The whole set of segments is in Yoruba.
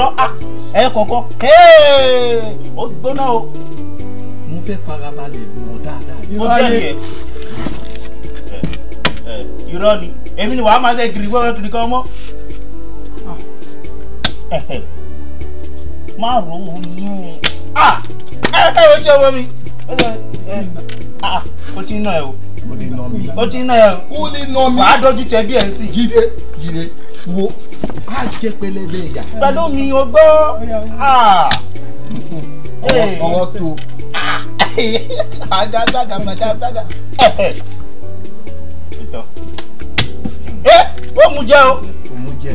irọ́ ẹ kọ̀ọ̀kan ó gbóná o. mo fẹ́ farabalẹ̀ mọ̀ dáadáa. irọ́ yẹn irọ́ ni èmi ni wàá máa ṣe kiri wọ́n kiri kan mọ́. má rò ó yín ẹ ẹ o ṣe ọmọ mi o ti nà ẹ o o ti nà mi o ti nà ẹ o kó lè nà mi wàá dọ́jú tẹ bí ẹ ń sìn. jíde jíde wo jẹ́ pẹlẹbẹ ìyá. pẹ̀lú mi o gbọ́ ah. ọwọ́ tó agagbaga magagbaga ẹ òun jẹ o. òun jẹ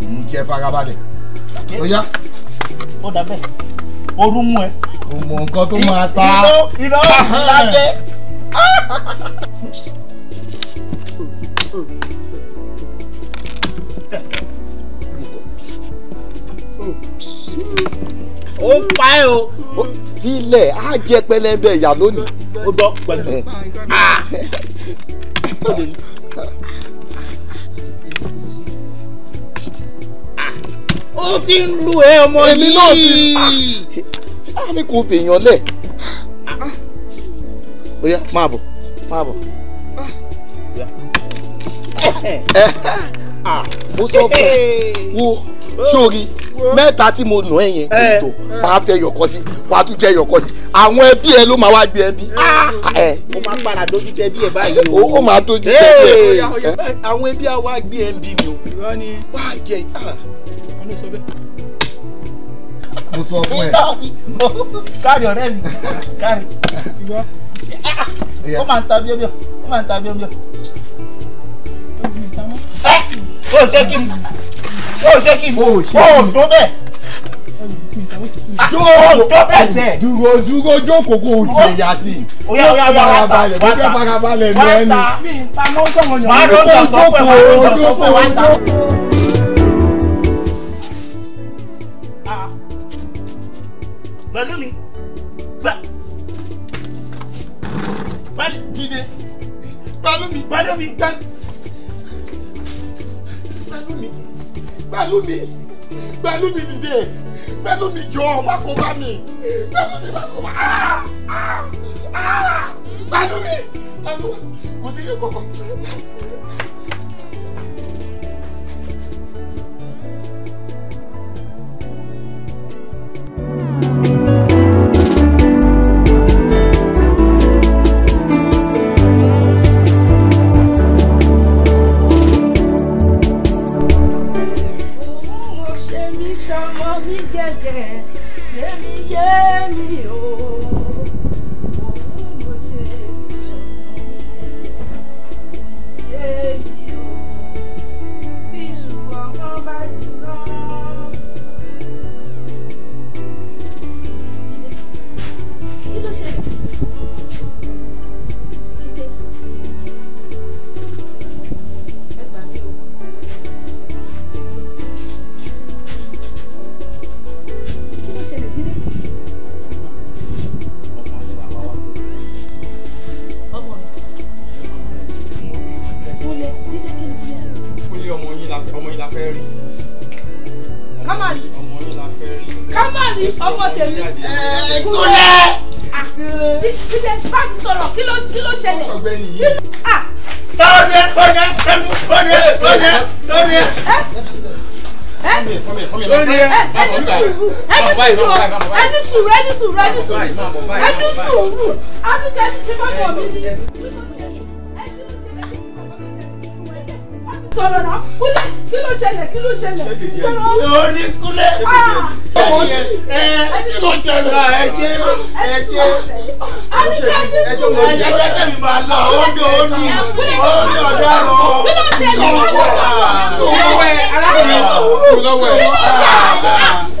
òun jẹ farabalẹ̀ eh. ó yá. ó dàbẹ̀ ooru mú ẹ. o mọ nǹkan tó máa ta. iná iná lájẹ. ó ń pa ẹ́ o. ilẹ̀ á jẹ pẹlẹbẹ ìyá lónìí. ó gbọ́ pẹlẹbẹ ah. ah. ó ti ń lu ẹ ọmọ yìí. èmi náà ti ah. á ní kò fèèyàn lẹ̀. ó yá máa bọ̀ máa bọ̀ eh, eh. mo sọ fún ẹ wo sórí mẹ́ta tí mo nù ẹ yẹn tó wàá fẹ́ yọkọ sí wàá tún jẹ́ yọkọ sí àwọn ẹbí ẹ ló máa wá gbé ẹbí. Ah, ó máa padà dojú jẹ bí ẹ báyìí o. ó máa dojú jẹ bí ẹ. àwọn ẹbí á wá gbé ẹbí mi o wá jẹ ah. mo sọ fún ẹ. káàrí ọ̀rẹ́ mi káàrí ó máa ń ta bíọ́bíọ́ ó máa ń ta bíọ́bíọ́. ó ṣe kí n o ṣe kí o tó Oh, dúró ẹsẹ̀ dúró dúró jókòó kó o jẹ ìyá sí i ó yá farabalẹ̀ bí kẹ́ farabalẹ̀ ní ẹni máa ló lọ sọ pé máa ló lọ sọ pé wá ta. pẹ̀lú mi pẹ̀ pẹ̀lú mi pẹ̀lú mi pẹ̀lú mi. Pẹ̀lúmi Pẹ̀lúmi dìde Pẹ̀lúmi jọ má kó bá mi Pẹ̀lúmi má kó bá ah, ah, ah, Pẹ̀lúmi Pẹ̀lúmi kò sí ilé kankan. ṣọmọ ní gẹ̀gẹ̀ èmi yé mi o. ọmọ tèmi. kúlẹ̀. Eh, ah, eh. jíjẹ bá mi sọ̀rọ̀ kí ló kí ló ṣẹlẹ̀. ọ̀gbẹ́ni yìí. ọ̀nẹ ọ̀nẹ ẹmu ọ̀nẹ ọ̀nẹ ọ̀nẹ. Ẹni sùúrù, ẹni sùúrù, ẹni sùúrù, ẹni sùúrù, ẹni sùúrù, ẹni sùúrù, ẹni sùúrù, ẹni sùúrù, ẹni sùúrù, ẹni sùúrù, sọ̀rọ̀ náà kúlẹ̀ kí ló ṣẹlẹ̀ kí ló ṣẹlẹ̀ sọ̀rọ̀. orí kúlẹ̀ ẹ ẹ kí ló ṣẹlẹ̀ ẹ ṣe ẹ ṣe ẹ tó wọ ẹ jẹ́ kẹ́mi máa lọ orí orí orí ọ̀dọ́ àrò kí ló ṣẹlẹ̀ kí ló ṣẹlẹ̀ kí ló ṣẹlẹ̀ kí ló ṣẹlẹ̀.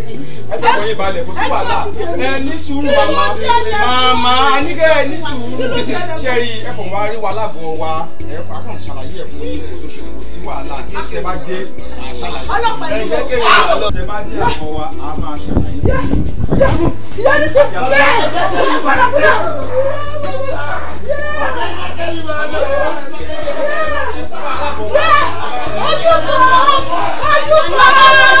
ẹ fẹ́ kọ́ yín balẹ̀ kò sí wàhálà ẹ ní sùúrù màmá màmá nígbà ẹ ní sùúrù ṣẹ́rí ẹ kàn wá rí wàhálà gan wa ẹ kàn ṣàlàyé ẹ fún yín kò tó ṣe kò sí wàhálà ẹ bá dé ṣàlàyé ẹ jẹ́ kí ẹ bá dé àgọ́ wa a máa ṣàlàyé fún yín. ìyá ni tó bẹ́ẹ̀ ìyá padà kúrò. Ajuko! Ajuko!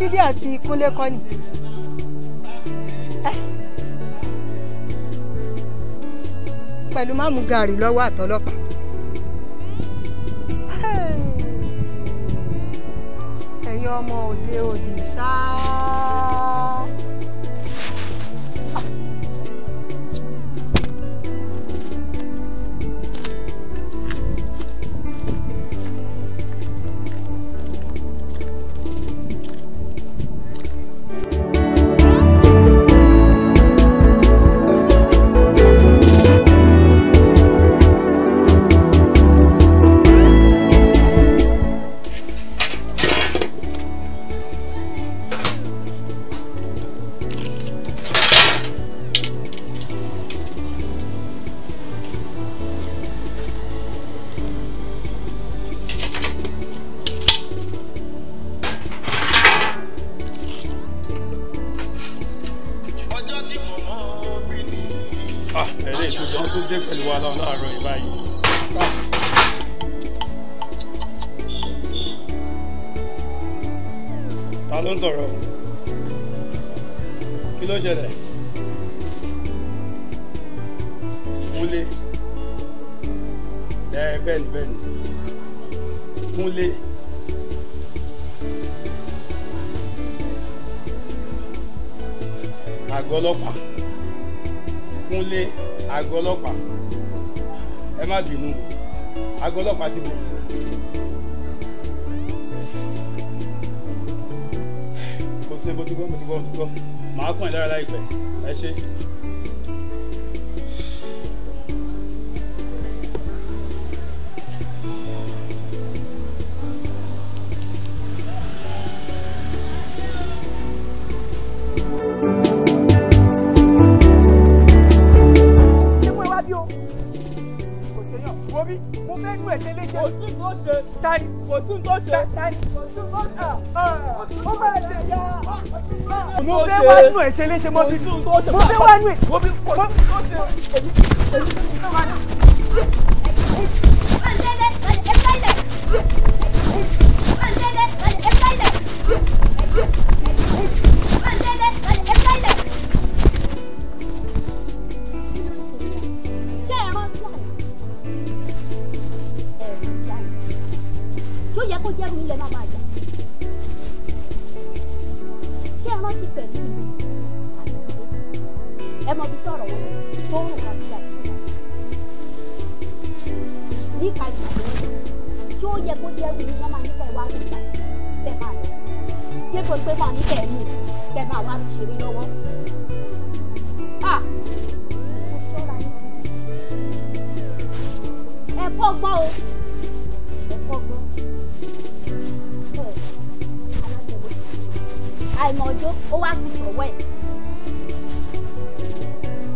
jíde àti kúnlé kọ́ ni. Eh. pẹ̀lú má mú gàrí lọ́wọ́ àtọlọ́pàá. ẹ̀yin ọmọ òde òdì ṣáá. ọlọ́pàá ti bò. kò sí ebo tí gbọ́ mo ti gbọ́ mo ti gbọ́ màá kàn yín lára láìpẹ́ ẹ ṣé. ṣe léṣe mo ti mo ti wá ní. mo yẹ kó jẹ́rú ilẹ̀ náà máa Ṣé ẹ rántí pẹ̀lú ìlú? mọ ibi tí ọ̀rọ̀ wọn tó ń rùn kàbí àtúnyà nípa ìgbàgbọ́ tí ó yẹ kó jẹ́ wí ni wọ́n máa nípa ìwà àgbà tẹ̀ máa lọ dépò pé máa nípa ẹ̀mí tẹ̀ máa wá ṣeré lọ́wọ́. ẹ̀kọ́ ah! gbọ́ o ẹ̀kọ́ gbọ́ àìmọ̀jó ó ti sọ̀wọ́ ẹ̀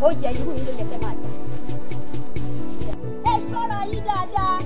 ó jẹ irú yín ló yẹ máa jẹ. ẹ ṣọ́ra yín dáadáa.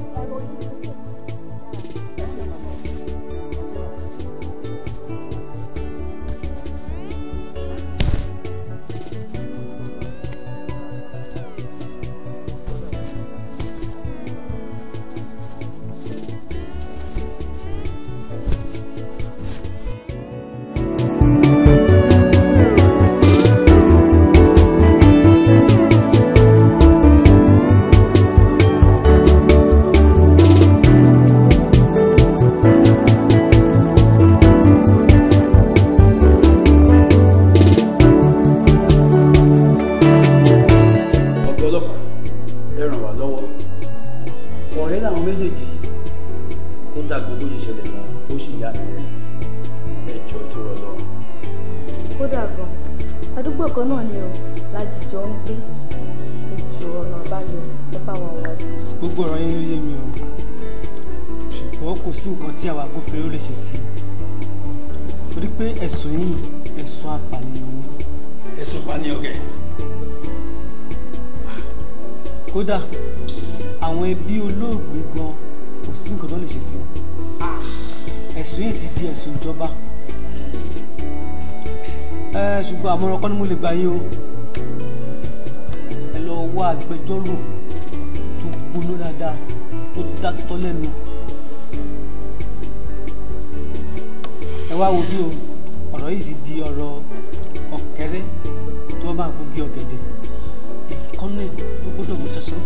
ẹ̀sùn yìí ẹ̀sùn apànìyàn ni. ẹ̀sùn apànìyàn kẹ. kódà àwọn ẹbí olóògbé gan kò sí nǹkan tó lè ṣe sí i ẹ̀sùn yìí ti di ẹ̀sùn ìjọba ẹ ṣùgbọ́n àmọ̀ràn kan ni mo lè gbà yín o ẹ lọ wá agbẹjọ́rò tó gbóná dáadáa tó dákítọ́ lẹ́nu ẹ wá wo bí o ọ̀rọ̀ yìí sì di ọ̀rọ̀ ọ̀kẹ́rẹ́ tí wọ́n máa kú gé ọ̀gẹ̀dẹ̀ èyí kan ó gbọ́dọ̀ mú sọ́sọ́.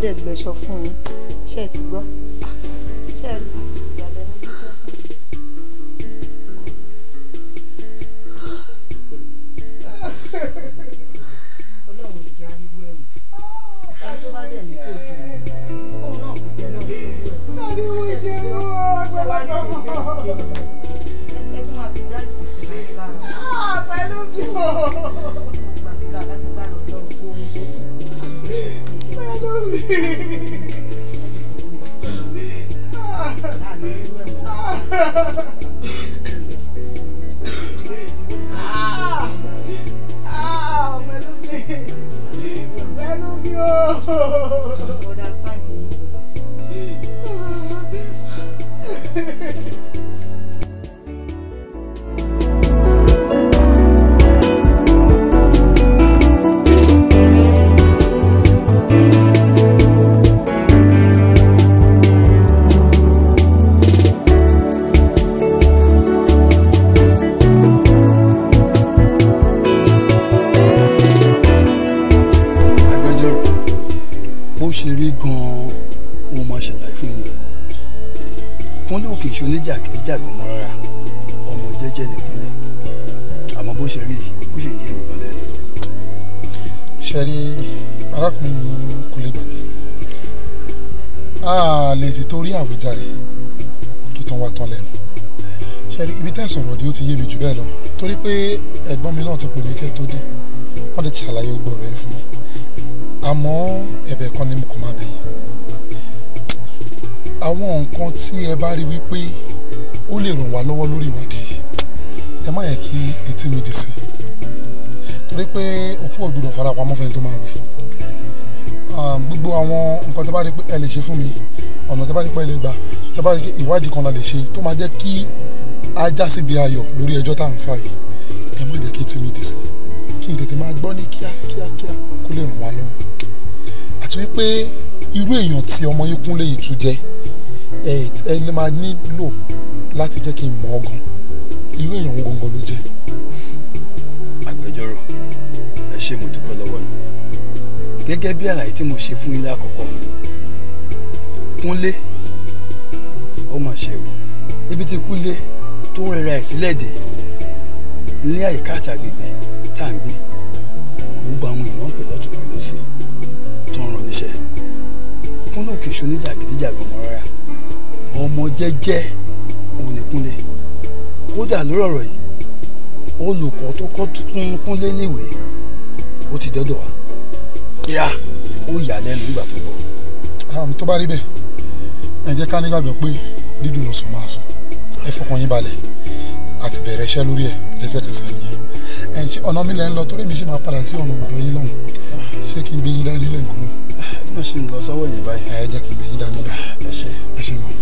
对，没错。ẹ̀gbọ́n mi náà ti pè mí kẹ́ tó dé wọ́n ti ṣàlàyé gbogbo rẹ̀ fún mi àmọ́ ẹ̀bẹ̀ kan ni mo kàn máa bẹ̀yìn àwọn nǹkan tí ẹ bá rí wípé ó lè ràn wá lọ́wọ́ lórí ìwádìí ẹ má yẹ kí etí mi dì sí torí pé òkú ògbìnà farapamọ́ fẹ́ni tó máa wẹ̀ gbogbo àwọn nǹkan tó bá rí ẹ lè ṣe fún mi ọ̀nà tó bá rí pé ẹ lè gbà tó bá rí ìwádìí kan la lè ṣe tó máa jẹ́ kí a síbi ayọ̀ lórí ẹjọ́ tá à ń fà yìí kẹ́ má jẹ́ kí tí mi dì sí kí n tètè máa gbọ́ ní kíákíákíá kó lè ràn wá lọ́wọ́ àti wípé irú èèyàn tí ọmọ yín kún tún jẹ́ ẹ ẹ máa nílò láti jẹ́ kí n mọ̀ ọ́ irú èèyàn wo gangan ló jẹ́. agbẹjọ́rò ẹ ṣé mo dúpẹ́ lọ́wọ́ yín gẹ́gẹ́ bí àlàyé tí mo ṣe fún yín lákọ̀ọ́kọ́ kúnlé ó mà ṣe o ibi tí kúnlé tó ń rẹra ẹ̀ sílẹ̀ dé ní àyíká àti agbègbè tá à ń gbé gbogbo àwọn èèyàn pè lọ́tún pè lọ́sì tó ń ràn níṣẹ́ kúnlẹ̀ òkè ìṣó níjà gidíjàgan mọ́ rárá ọmọ jẹ́jẹ́ òun ni kúnlẹ̀ kódà lórí ọ̀rọ̀ yìí olùkọ́ tó kọ́ kúnlẹ̀ níwèé ó ti dọ́dọ̀ wá yá ó yà lẹ́nu nígbà tó bọ̀. Ah, tó bá rí bẹ́ẹ̀ ẹ jẹ́ ká nígbàgbọ́ pé dídùn lọ́sàn máa sọ ẹ fọkàn yín balẹ̀ a ti bẹ̀rẹ̀ iṣẹ́ lórí ẹ̀ lẹ́sẹ̀kẹsẹ̀ nìyẹn ẹ̀ ṣe ọ̀nà mi lẹ́ ń lọ torí mi ṣe máa padà sí ọ̀nà ọ̀dọ̀ yín lọ́hùn ṣé kí n gbé yín dání lẹ́ǹkan náà. bó ṣe ń lọ sọ́wọ́ yìí báyìí. ẹ jẹ́ kí n gbé yín dání lẹ́ǹkan. ẹ ṣe ẹ ṣe gan.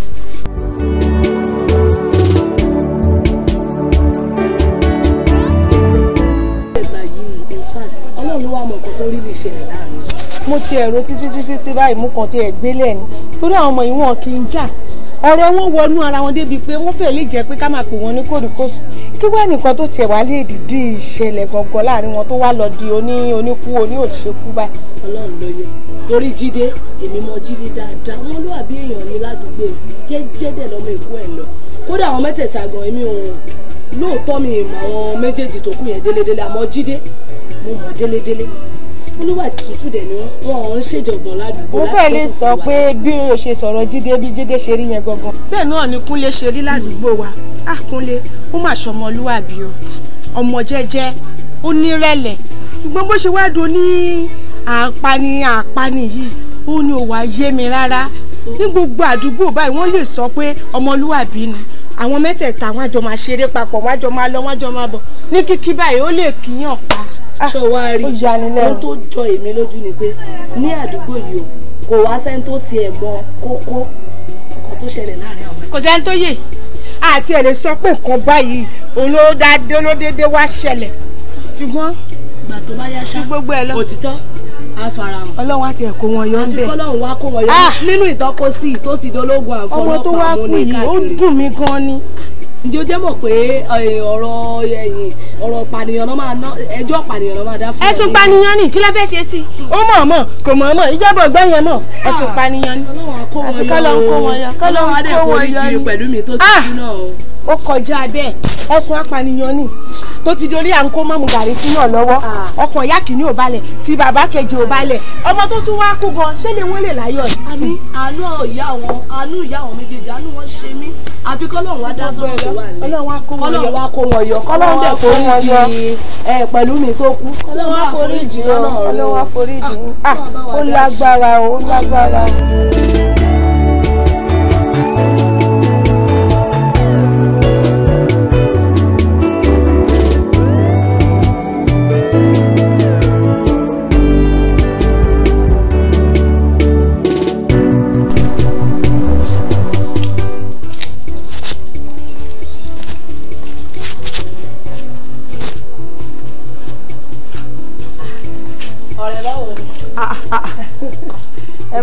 mo ti ẹ̀rọ títí títí báyìí mú kan tí ẹ̀ gbélé ẹ̀ ní torí àwọn ọmọ ìwọ̀n kì í jà ọ̀rọ̀ wọn wọnú ara wọn débi pé wọ́n fẹ́ẹ́ lè jẹ́ pé ká máa pè wọ́n ní kòríkòsùn kí wá nìkan tó tiẹ̀ wá lè dìde ìṣẹ̀lẹ̀ gangan láàrin wọn tó wá lọ di oní oníkú oní òṣèkú báyìí. ọlọ́run ló yẹ torí jíde èmi mọ jíde dáadáa wọn ló àbí èèyàn ní ládùúgbò jẹ́jẹ́dẹ̀ lọ́mọ èkó ẹ̀ lọ kódà àwọn mẹ́tẹ̀ẹ̀ta gan èmi ò lóòótọ́ mi ìmọ̀ àwọn méjèèjì tó kù yẹn délédélé àmọ́ jíde mo mọ̀ délédélé olúwa tútù dẹ̀ ni wọn ò ń ṣèjọ̀gbọ̀n ládùúgbò láti tó tó mo fẹ́ lè sọ pé bí o ṣe sọ̀rọ̀ jíde bí jíde ṣe rí yẹn gangan. bẹ́ẹ̀ náà ni kúnlé ṣe rí ládùúgbò wa á ah, ó mà ṣọmọlúwàbí o ọmọ jẹ́jẹ́ ó nírẹ̀lẹ̀ ṣùgbọ́n bó ṣe wá do ní àpani àpani yìí ó ní òwà yé mi rárá ní gbogbo àdúgbò báyìí wọ́n lè sọ pé ọmọlúwàbí ni àwọn mẹ́tẹ̀ẹ̀ta wọn àjọ máa ṣeré papọ̀ wọn àjọ máa lọ wọn àjọ máa bọ̀ ní kíkí báyìí ó lè kíyàn pa Ah, ṣọ wá rí ohun tó jọ èmi lójú ni pé ní àdúgbò yìí o kò wá sẹ́ni tó tiẹ̀ mọ kókó nǹkan tó ṣẹlẹ̀ láàrin àwọn. kò sẹ́ni tó yè àti ẹ̀ lè sọ pé nǹkan báyìí òun ló dá déédéé wá ṣẹlẹ̀ ṣùgbọ́n ìgbà tó bá yá ṣá gbogbo ẹ lọ òtítọ́ á fara hàn. ọlọ́run á tiẹ̀ kó wọn yọ ń bẹ̀. àfi kọ́lọ́run wá kó wọn yọ ah! nínú ìtọ́kọ sí i tó ti dológun àfọlọ́pàá ọmọ tó wá kú yìí ó dùn mí gan ni ǹjẹ́ o jẹ́ mọ̀ pé ọ̀rọ̀ ọ̀rọ̀ pànìyàn náà máa ná ẹjọ́ pànìyàn náà máa dá fún ọ. ẹ̀sùn pànìyàn ni kí lẹ fẹ́ ṣe sí ó mọ̀ mọ̀ kò mọ̀ mọ̀ ìjẹ́bọ̀ gbẹ́ mọ̀ ah, ẹ̀sùn pànìyàn ni àti kọ́lọ́ ń kó wọn yọ kọ́lọ́ ń kó wọn yọ ni ó kọjá bẹ́ẹ̀ ọ̀sùn apànìyàn ni tó ti dorí à ń kó mọ́mú gàrí fún náà lọ́wọ́ ah. ọkàn ìyá kìíní ò balẹ̀ tí bàbá kejì ò balẹ̀ ọmọ tó tún wáá kú gan ṣé lè wọ́n lè láyọ̀ ni. àmì àánú ìyá wọn àánú ìyá wọn méjèèjì àánú wọn ṣe mí àfi kọ́lọ́run wá dá sọ́wọ́ tó wà lẹ́ kọ́lọ́run wá kó wọn yọ kọ́lọ́run dẹ̀ kó wọn yọ ẹ pẹ̀lú mi tó kú kọ́lọ́run wá foríjì náà ọ̀rọ̀ ah, ah, ó lágbára ó lágbára.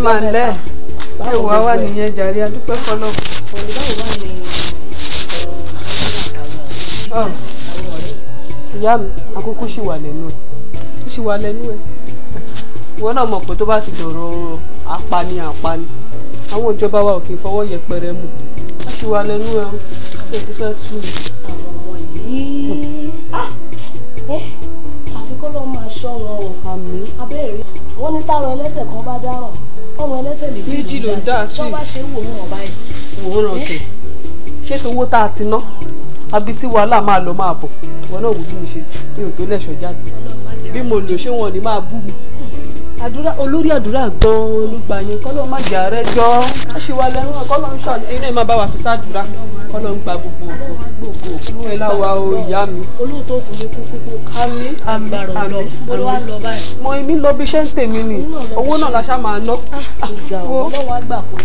máa ń lẹ́ ẹ̀ wá wà nìyẹn jàre adúpẹ́ fọlọ́. ìyá mi àkókò ṣì wà lẹ́nu ẹ̀. ó ṣì wà lẹ́nu ẹ̀. ìwọ náà mọ̀ pé tó bá ti dọ̀rọ̀ apani apani àwọn ìjọba wa ò kì í fọwọ́ yẹpẹrẹ mú ó ṣì wà lẹ́nu ẹ̀ ó ti fẹ́ sú àfikún ló máa ṣọ́ wọn o àbẹ́rẹ́ wọn ní táwọn ẹlẹ́sẹ̀ kan bá dáhùn ọmọ ẹlẹ́sẹ̀ méjì ló dá sí wọ́n ṣe ń wòran ọ̀bá yìí. wòran eh? kẹ ṣé tówó tá a ti ná àbí tí wàhálà máa lọ máa bọ̀ wọn náà wò bí mo ṣe mi ò tó lẹ̀ṣọ́ jáde bí mo lò ṣé wọn ò ní máa bú mi àdúrà olórí àdúrà gan-an ló gbà yín kọ́lọ́ má jà rẹ jọ ó ṣe wà lẹ́rú kọ́lọ́ ń ṣàdúrà eré má bá wà fi sádùrà kọ́lọ́ ń gba gbogbo gbogbo inú ẹ láwa o ìyá mi. olóòótọ́ kò ní kú sípò àmì àgbàrò lọ olówó lọ báyìí. mo èmi lọ bí iṣẹ́ ń tèmi ni owó náà la ṣá máa ná.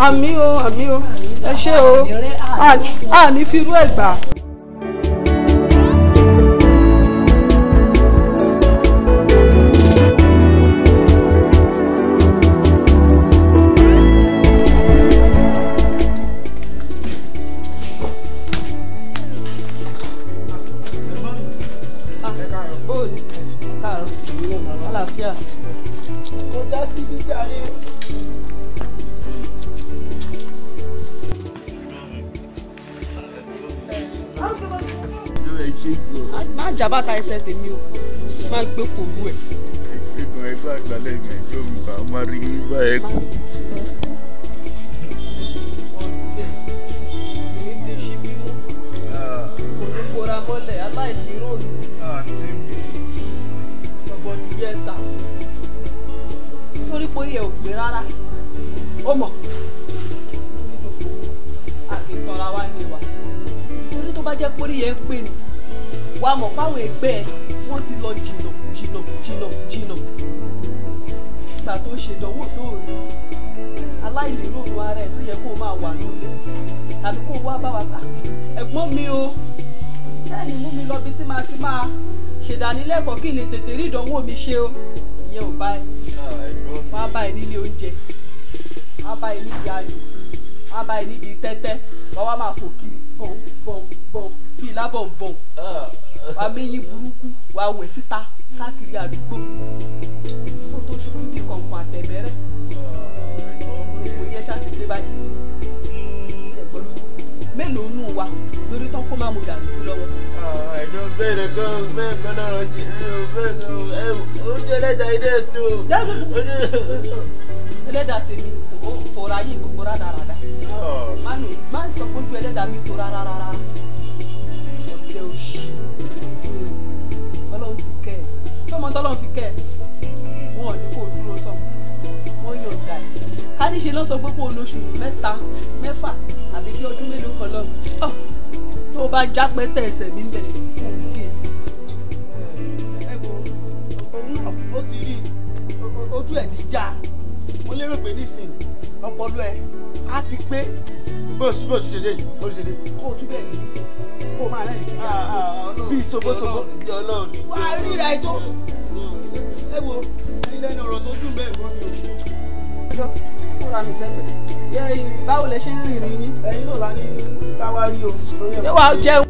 àmì ah, o àmì o ẹ ṣé o àní firú ẹ̀ gbà. má jábá ta ẹsẹ̀ tèmi o má gbé kòlú ẹ. ìgbẹ́gun ẹgbẹ́ àgbàlẹ̀ ìgbà ìjọba máa rí bá ẹ kú. rárá ó mọ̀ àgbẹ̀tọ́ra wa ni wa torí tó bá jẹ́ pórí yẹn pé ni wàá wọ́n ti lọ jìnnà jìnnà jìnnà jìnnà ìgbà tó ṣèdánwò tó rí aláìlérò ara ẹ ló yẹ wà nílé wá bá ẹ̀gbọ́n mi o mi lọ ti máa kí tètè rí o. ìyẹn ò bá ẹ wọ́n á bá ẹ nílé oúnjẹ wọ́n á bá ẹ níbi ayò wọ́n á bá ẹ níbi tẹ́tẹ́ wọ́n wá máa fò kiri bọ̀n bọ̀n bọ̀n bíi lábọ̀nbọ̀n wàá méyí burúkú wàá wẹ̀ síta káàkiri àdúgbò kó tó ṣojú bíi kọ̀ǹkọ̀ àtẹ̀mẹ́rẹ́ òkò yẹn ṣáà ti dé báyìí tí ẹ̀ mélòó nù wa lórí tán kó má mu dàrú sí lọ́wọ́ oúnjẹ ní ṣe lọ́sọ̀ pé kó o lóṣù mẹ́ta mẹ́fà àbí bí ọdún mélòó kan lọ́rùn tó bá já pété ẹsẹ̀ mi lẹ̀ ó ti rí ojú ẹ ti já mo lérò pé nísìnyí ọpọlọ ẹ á ti pé bóòsù bóòsù ṣe dé yìí bóòsù ṣe dé kó o tún bẹ̀rẹ̀ sí kó o máa rẹ̀ nígbà ah, ah, ah, bíi sobosobo wà á ríra ẹ tó ẹ wo ilé ni ọ̀rọ̀ tó dùn bẹ́ẹ̀ gbọ́ mi ò bá mi sẹ́tọ̀ báwo lẹ ṣe ń rìn rìn yín ẹ̀yin náà la ní káwá rí o. yóò wá jẹun.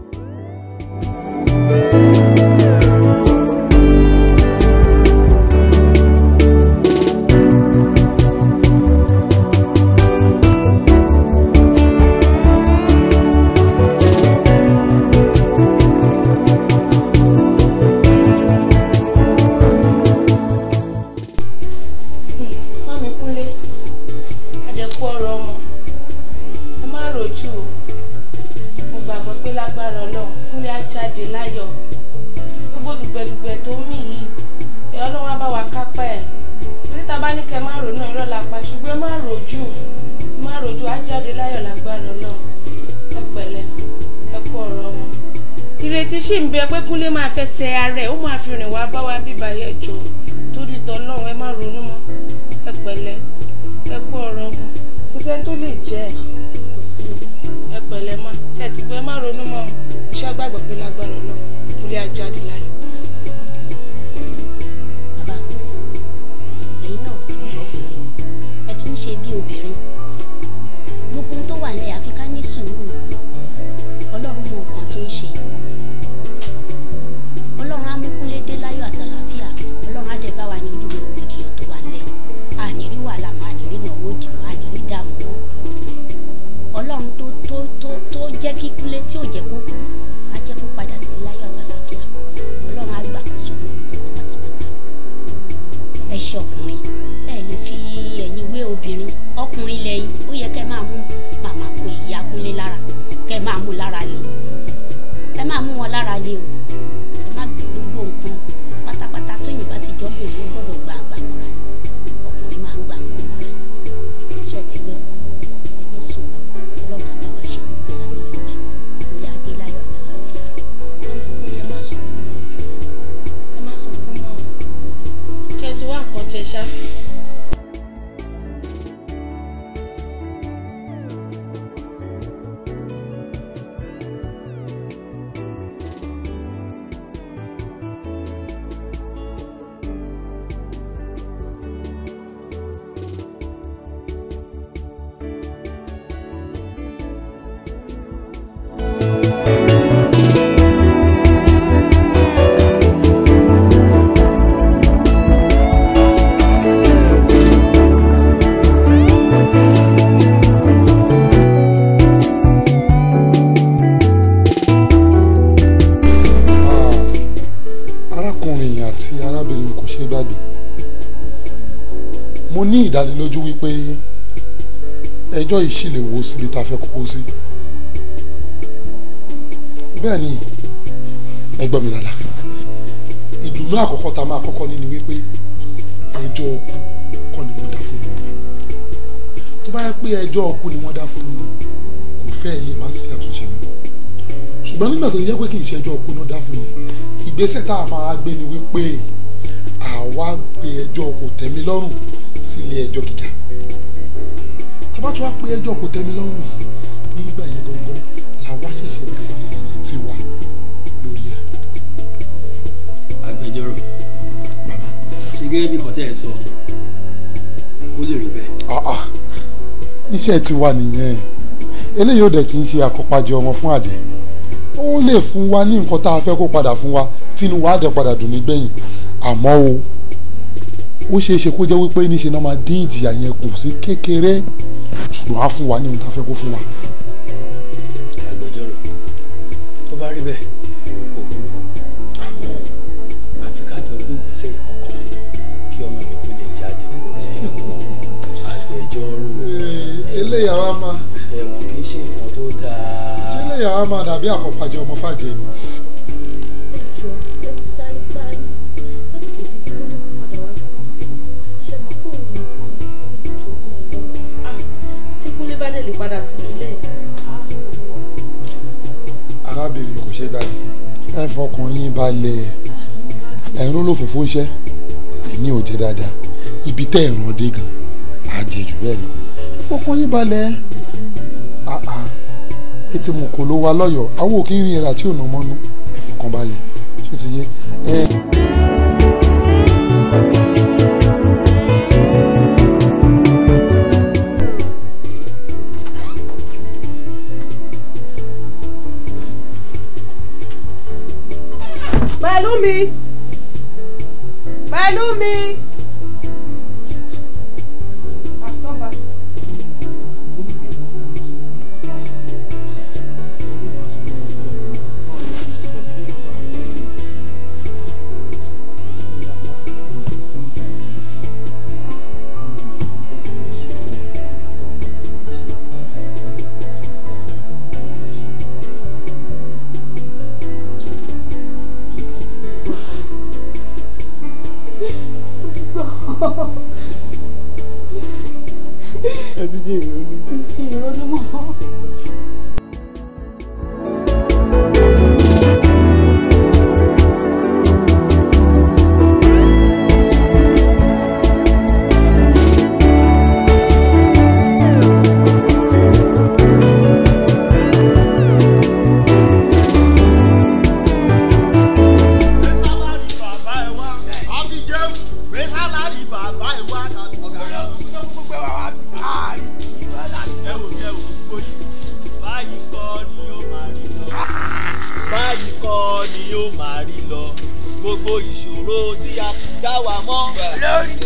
kúnlé máa fẹsẹ̀ ara ẹ̀ ó máa fi rìn wá bá wa bíbá yẹn jọ torí tọ́lọ́run ẹ má ronú mọ́ ẹ pẹ̀lẹ́ ẹ kú ọ̀rọ̀ ọmọ kò sẹ́ni tó lè jẹ́ ẹ pẹ̀lẹ́ mọ́ ṣe àtìgbọ́ ẹ má ronú mọ́ ṣé pé lágbára ọlọ́run kúnlé ajáde ọjọ́ yìí sì lè wo síbi tá a fẹ́ kókó sí bẹ́ẹ̀ ni ẹ gbọ́ mi lálá ìdùnnú àkọ́kọ́ tá a máa kọ́kọ́ ní ni wípé ẹjọ́ ọkú kọ́ ni wọ́n dá fún mi tó bá yẹ pé ẹjọ́ ọkú ni wọ́n dá fún mi kò fẹ́ lè má sí àtúnṣe mi ṣùgbọ́n nígbà tó yẹ pé kì í ṣe ẹjọ́ ọkú náà dá fún yẹn ìgbésẹ̀ tá a máa gbé ni wípé àwa gbé ẹjọ́ kò tẹ́mi lọ́rùn sílé ẹjọ́ gíga bá tún wá pé ẹjọ́ kò tẹ́mi lọ́rùn yìí nígbà yẹn gangan la wá ṣẹ̀ṣẹ̀ bẹ̀rẹ̀ ẹ̀rẹ̀ tiwa lórí ẹ̀. agbẹjọ́rò bàbá ṣe gẹ́gẹ́ bí kọ́tẹ́ ẹ̀ sọ ó lè rí bẹ́ẹ̀. Ah, ah. iṣẹ́ tiwa nìyẹn eléyìí ò dẹ̀ kì í ṣe àkọ́pàjẹ ọmọ fún àjẹ́ ó lè fún wa ní nǹkan tá a fẹ́ kó padà fún wa tínú á dẹ̀ padà dùn nígbẹ̀yìn àmọ́ o ó ṣeé ṣe kó jẹ́ wípé níṣe náà máa dín ìjìyà yẹn kù sí kékeré ṣùgbọ́n á fún wa ní ohun tá a fẹ́ kó fún wa. agbẹjọ́rò tó bá rí bẹ́ẹ̀ kò burú àmọ́ àfi ká jọ gbé ìgbésẹ̀ ìkọ̀kọ̀ kí ọmọ mi kó lè jáde kúrò lẹ́yìn agbẹjọ́rò. Eh, eléyà wa máa. ẹ̀wọ̀n kì í ṣe nǹkan tó dáa. ṣé eléyà wa máa dàbí àkọ́pàjẹ́ ọmọ fàjẹ́ ni. dé padà sínú ilé yìí. arábìnrin kò ṣe báyìí ẹ fọkàn yín balẹ̀ ẹ̀rín olófòfó ń ṣẹ́ ẹ̀mí ò jẹ́ dáadáa ibi tẹ́ ẹ̀ràn dé gan àjẹjù bẹ́ẹ̀ lọ ẹ fọkàn yín balẹ̀ ètò mọ̀kò ló wa lọ́yọ̀ọ́ àwọn òkè ń rin tí ò nà mọ́nú ẹ fọkàn balẹ̀ ṣó ti yé. Eh. me. Pelumi Pelumi.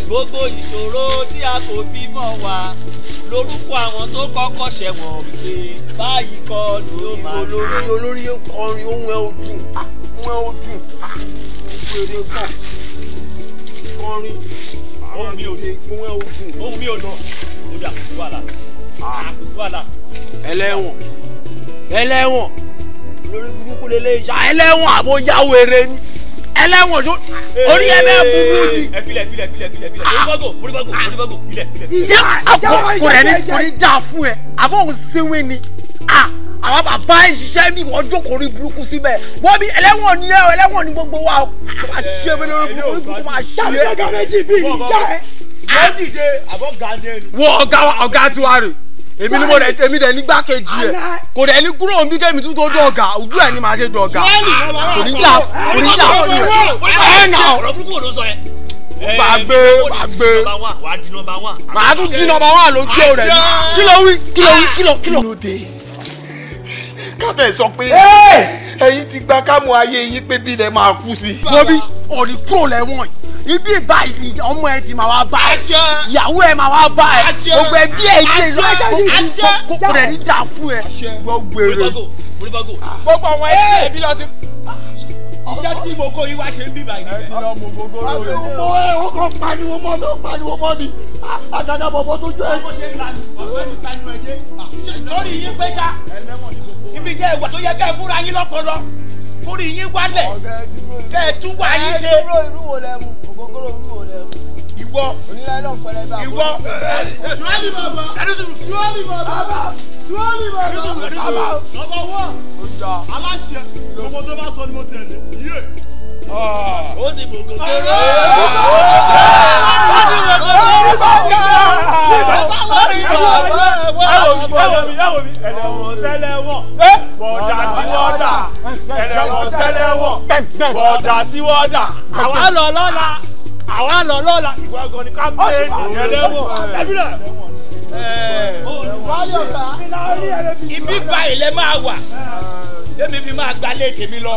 gbogbo ìṣòro tí a kò fi mọ̀ wá lórúkọ àwọn tó kọ́kọ́ ṣẹ̀wọ̀n wípé báyìí kọ́ ni máa lọ. olórí olórí kọrin ohun ẹ odùn ohun ẹ odùn ìpèrè kan kọrin ohun mi ohun ẹ odùn. ohun mi ò dán ó dà kò sí wàhálà ah. Ah, kò sí wàhálà. ẹlẹ́wọ̀n ẹlẹ́wọ̀n lórí burúkú lélẹ́yìn ṣá ẹlẹ́wọ̀n àbójáwèrè ni ẹlẹ́wọ̀n oṣù orí ẹ bẹ́ẹ̀ burú ni. ẹ filẹ filẹ filẹ filẹ filẹ moribago moribago moribago filẹ filẹ. ǹjẹ́ àpòkò rẹ̀ ní torí dáa fún ẹ àbọ̀ òun sinwi ni àwọn bàbá ẹ̀ ṣiṣẹ́ ní ìwọ́n jókòó ní burúkú síbẹ̀ wọ́n bí ẹlẹ́wọ̀n ni ẹ ẹlẹ́wọ̀n ni gbogbo wa máa ṣe é lórí burúkú tó máa ṣe é. jáde jáde méjì bíi ìjà ẹ. wọ́n dìde àbọ̀ ga ni ẹni. wọ́n ọ̀gá ọ̀gá tiwa rè é èmi ni mo rẹ èmi dẹ ní gbákejì ẹ kò dẹ ní kúrò mi kẹmi tún tó dùn ọgá ojú ẹ ni màá ṣe dùn ọgá kò ní jà kò ní jà fún mi ẹ nà bá gbé bá gbé màá tún di nọ́mbà wán lójú ẹ rẹ wí kí wí kí ló kábẹ̀ sọ pé ẹ̀yin ti gba kámú ayé yín pé bí lẹ máa kú sí. wọ́n bí ọ̀rí kúrò lẹ́wọ̀n yìí ibi báyìí ni ọmọ ẹ ti máa wá bá ẹ ìyàwó ẹ máa wá bá ẹ gbogbo ẹbí ẹ ilé ìlú ẹja yìí ti kókó rẹ ní dà fún ẹ gbogbo èrè. Ah. gbogbo àwọn ẹbí lọ ti iṣẹ́ tí mo kó yín wá ṣe ń bí báyìí. ẹ ti lọ mọ gbogbo lóore. àbí mo ẹ o kàn pariwo mọ́ mi o pariwo mọ́ mi ah, àgàdà bọ̀bọ̀ tó jẹ́. ọmọ pariwo ẹ dé. sórí yín pé sá. ẹ lẹ́mọ̀ níbi yẹ ìwà tó yẹ kẹ́ ẹ fúnra yín lọ́pọlọ kórìí yín wálẹ̀ kẹ́ ẹ tún wà yín ṣe. ìdúró ìlú wo lẹ mu ògógóró ìlú wo lẹ mu. ìwọ ìwọ ṣùwọ́nì bàbá ṣùwọ́nì bàbá ṣùwọ́nì bàbá bàbá wà aláṣẹ gbogbo tó bá sọ ni mo tẹ̀lé yé ó ti bò gògóró. ó ti bò gògóró bàjá. lórí bàbá ẹ wá. ẹwọ mi ẹwọ mi ẹlẹwọ tẹlẹwọ bọ̀dà sí wọ́dà ẹlẹwọ tẹlẹwọ bọ̀dà sí wọ́dà. àwa lọ lọ́la àwa lọ lọ́la ìwà gan ni ká gbé ẹlẹ́wọ̀n ẹbílẹ̀. ibi báyìí lẹ máa wà èmi fi máa gbalẹ̀ tèmi lọ.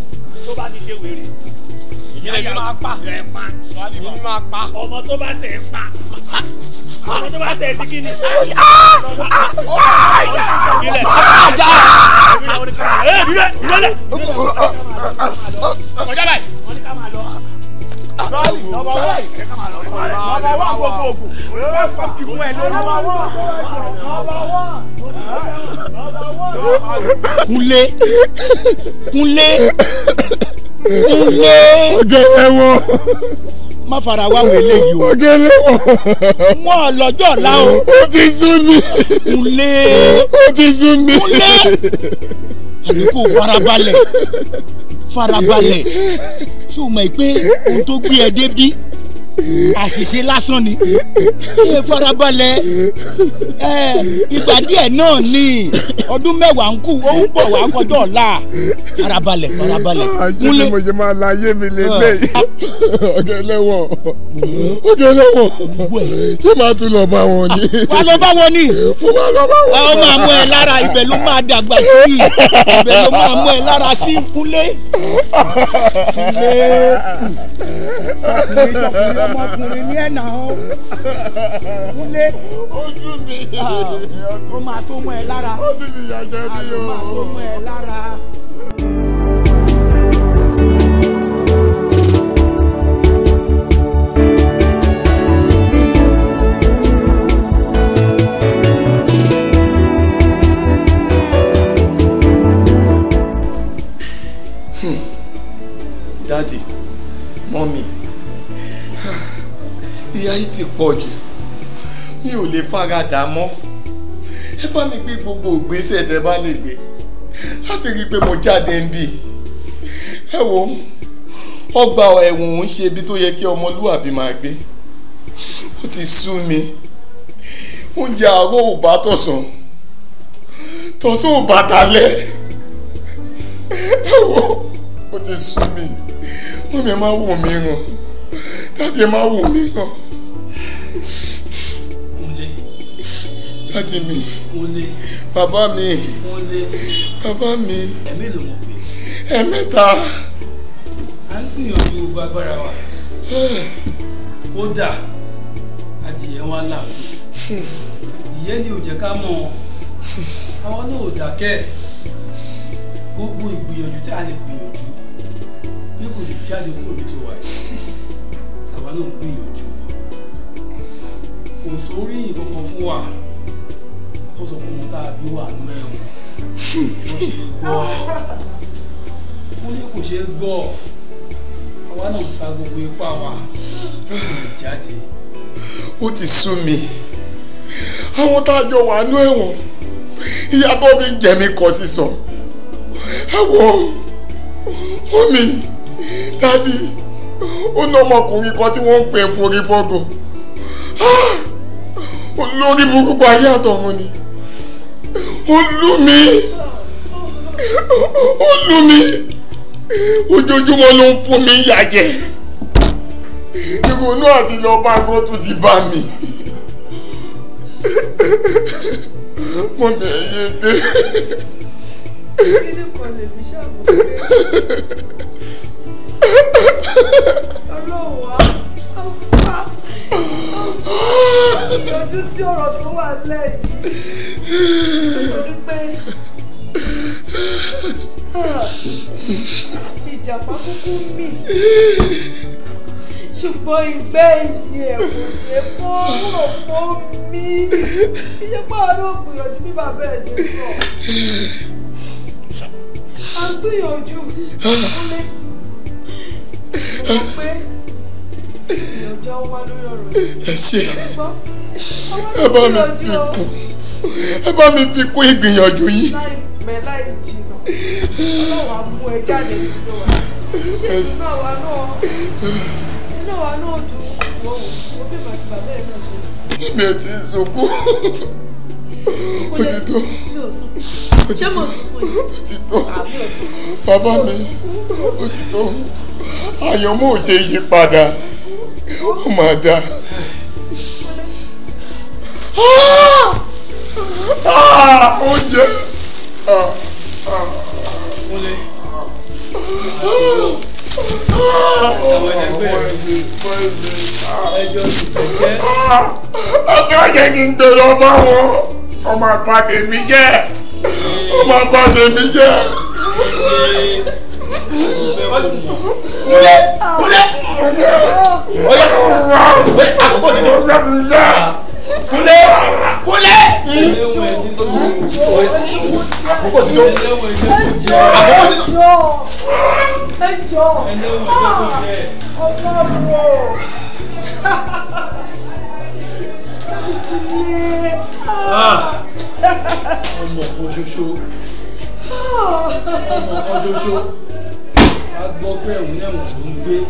tó bá ti ṣe wèrè. ìyẹn ni máa pa ìyẹn ni máa pa. ọmọ tó bá ṣe pa ọmọ tó bá ṣe ti kí ni. ọjà ẹ dúró dúró lẹ. ọjà báyìí lọ́ọ̀lì nọ́mbà wá nọ́mbà wá gbogbo ògùn wọ́n wọn. Má fara wá wọ eléyìí o. Ọ̀gẹ̀rẹ̀ wọn. Wọ́n lọ́jọ́ ọ̀la o. Ó ti sún mi. Kúnlé. Ó ti sún mi. Kúnlé. Àbíkú farabalẹ̀ farabalẹ̀ ṣó mọ̀ pé ohun tó gbé ẹ débí àṣìṣe lásán ni ṣe farabalẹ̀ ìgbà díẹ̀ náà ni ọdún mẹ́wàá ń kù ó ń bọ̀ wá kọjọ́ ọ̀la farabalẹ̀ farabalẹ̀. àṣìṣe ah, mo ṣe máa láyé mi lélẹ́yìí ah, ah. ọ̀gá ẹlẹ́wọ̀n ọ̀gá ẹlẹ́wọ̀n ṣé máa tún lọ bá wọn ni. wà á lọ bá wọn ni ọ máa mú ẹ lára ibẹ̀ ló máa dàgbà sí ibẹ̀ ló máa mú ẹ lára sí kúnlé. kúnlé ọmọkùnrin ní ẹ̀nà ọ́ kúlé ojú mi ó máa tó mọ́ ẹ lára ó sì ti yàjẹ́ bí o ó máa tó mọ́ ẹ lára. pọ̀ jù mi ò lè faradà mọ́ ẹ bá mi gbé gbogbo ìgbésẹ̀ tẹ bá lè gbé láti rí i pé mo jáde ń bì ẹ wo ọgbà ẹ̀wọ̀n ń ṣe ibi tó yẹ kí ọmọlúwàbí máa gbé ó ti sú mi oúnjẹ àárọ̀ ò bá tọ̀sán tọ̀sán ò bá dalẹ̀ ẹ wo ó ti sú mi mọ́mi máa wò mí ràn dáàdì máa wò mí ràn. Kúnlé. Dádì mi. Kúnlé. Bàbá mi. Kúnlé. Bàbá mi. Ẹ̀mí ló mọ̀ pé. Ẹ̀mẹ́ta. À ń gbìyànjú gbogbo agbára wa. Kódà adìyẹ wa làwọn. Ìyẹn ni ò jẹ́ ká mọ̀ ọ́. Àwọn náà ò dákẹ́. Gbogbo ìgbìyànjú tí a lè gbìyànjú bí kò lè jáde kúrò nítorí wa yìí. Àwa náà ń gbìyànjú kò sórí ìkọ̀kan fún wa kó sọ fún mi tá a bí wà nú ẹ̀wọ̀n kò ṣe gbọ́ mo ní kò ṣe gbọ́ àwa náà fa gbogbo ipá wa kò lè jáde. ó ti sú mi àwọn tá a jọ wà nú ẹ̀wọ̀n ìyàtọ̀ mi jẹ́ mi kọ́ sísọ ẹ̀wọ̀n wọ́n mi dádì ó ní ọmọkùnrin kan tí wọ́n ń pè forí fọ́gàn. Ah! olórí burúkú ayé àtọ̀run ni olú mi olú mi ojoojúmọ́ ló ń fún mi yà jẹ ìrònú àti lọ́ba gan tún ti bá mi mo bẹ̀ yé dé. ọlọ́wà ọ̀pá yọjú sí ọ̀rọ̀ tó wà lẹ́yìn torí pé ìjàpá kúkú mì ṣùgbọ́n ìgbẹ́ ìyẹ̀ kò jẹ́ kó rò fún mi iṣẹ́ pààrọ̀ ògbìyànjú bí bàbá ẹ̀ ṣe sọ à ń gbìyànjú kúlé mo mọ̀ ẹ ṣe ẹ bá mi fi kún ẹ bá mi fi kún ìgbìyànjú yìí. ẹ ṣe mi ò tí ì sunkún ó ti tó ó ti tó ó ti tó bàbá mi ó ti tó àyànmọ́ ò ṣe é yí padà ó máa dá. ah, Kúnlé. ah, ẹgbẹ́ rẹ̀ ah! ah! ah! ẹjọ́ ti tẹ̀jẹ́. Ọjọ́ jẹ́ kí n tẹ̀lé ọmọ wọn. Ọmọ àpàdé mi jẹ́. Ọmọ àpàdé mi jẹ́ kúlẹ̀ kúlẹ̀ oya oya àkókò ti tó kúlẹ̀ kúlẹ̀ àkókò a gbọ́ pé ẹ̀wù náà ń gbé.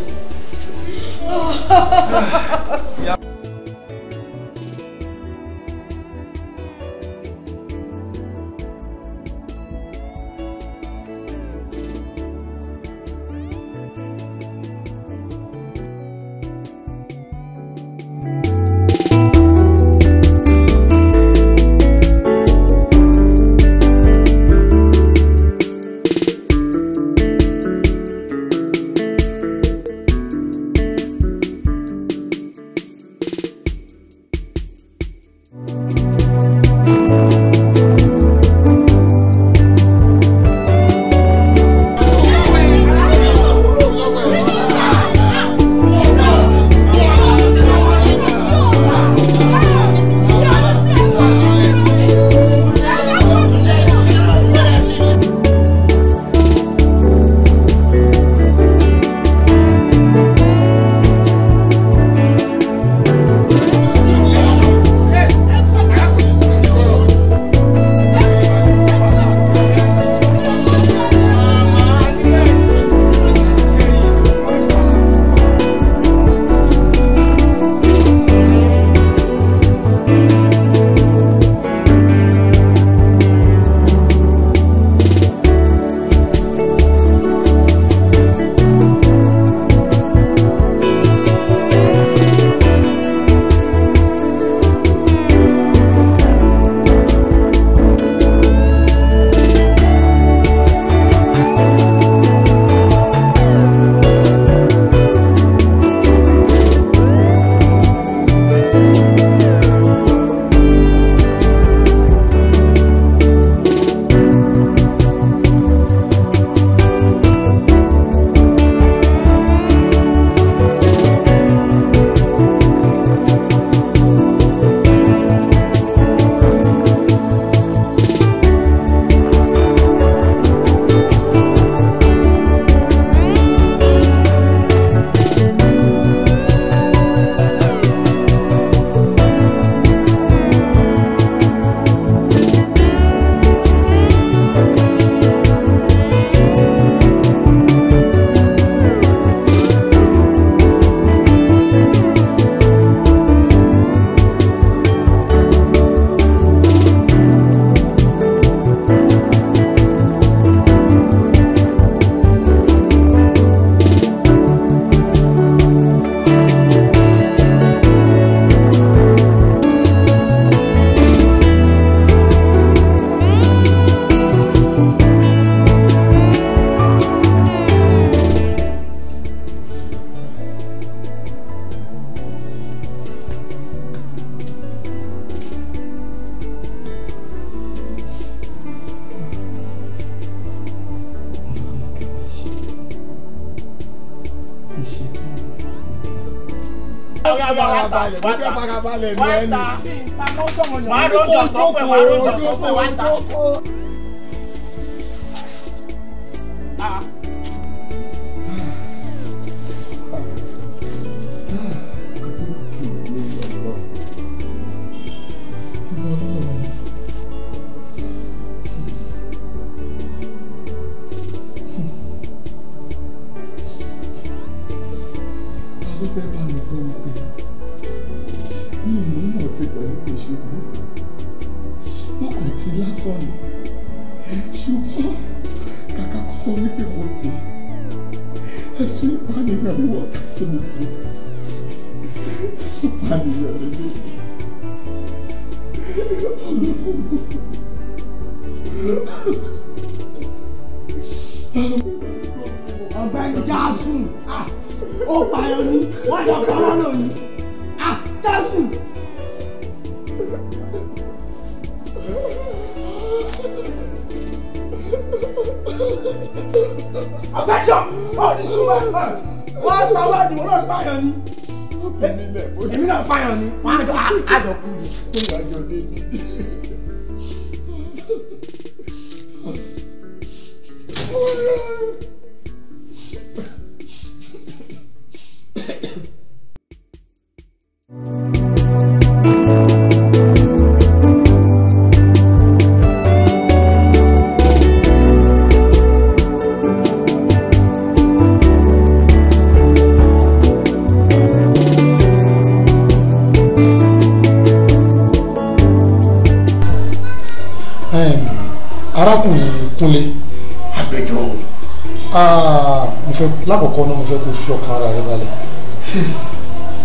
farabalẹ̀ mo fẹ́ farabalẹ̀ ní ẹni. wọ́n ta wọ́n ta mọ́tò mọ́tò wọ́n ta.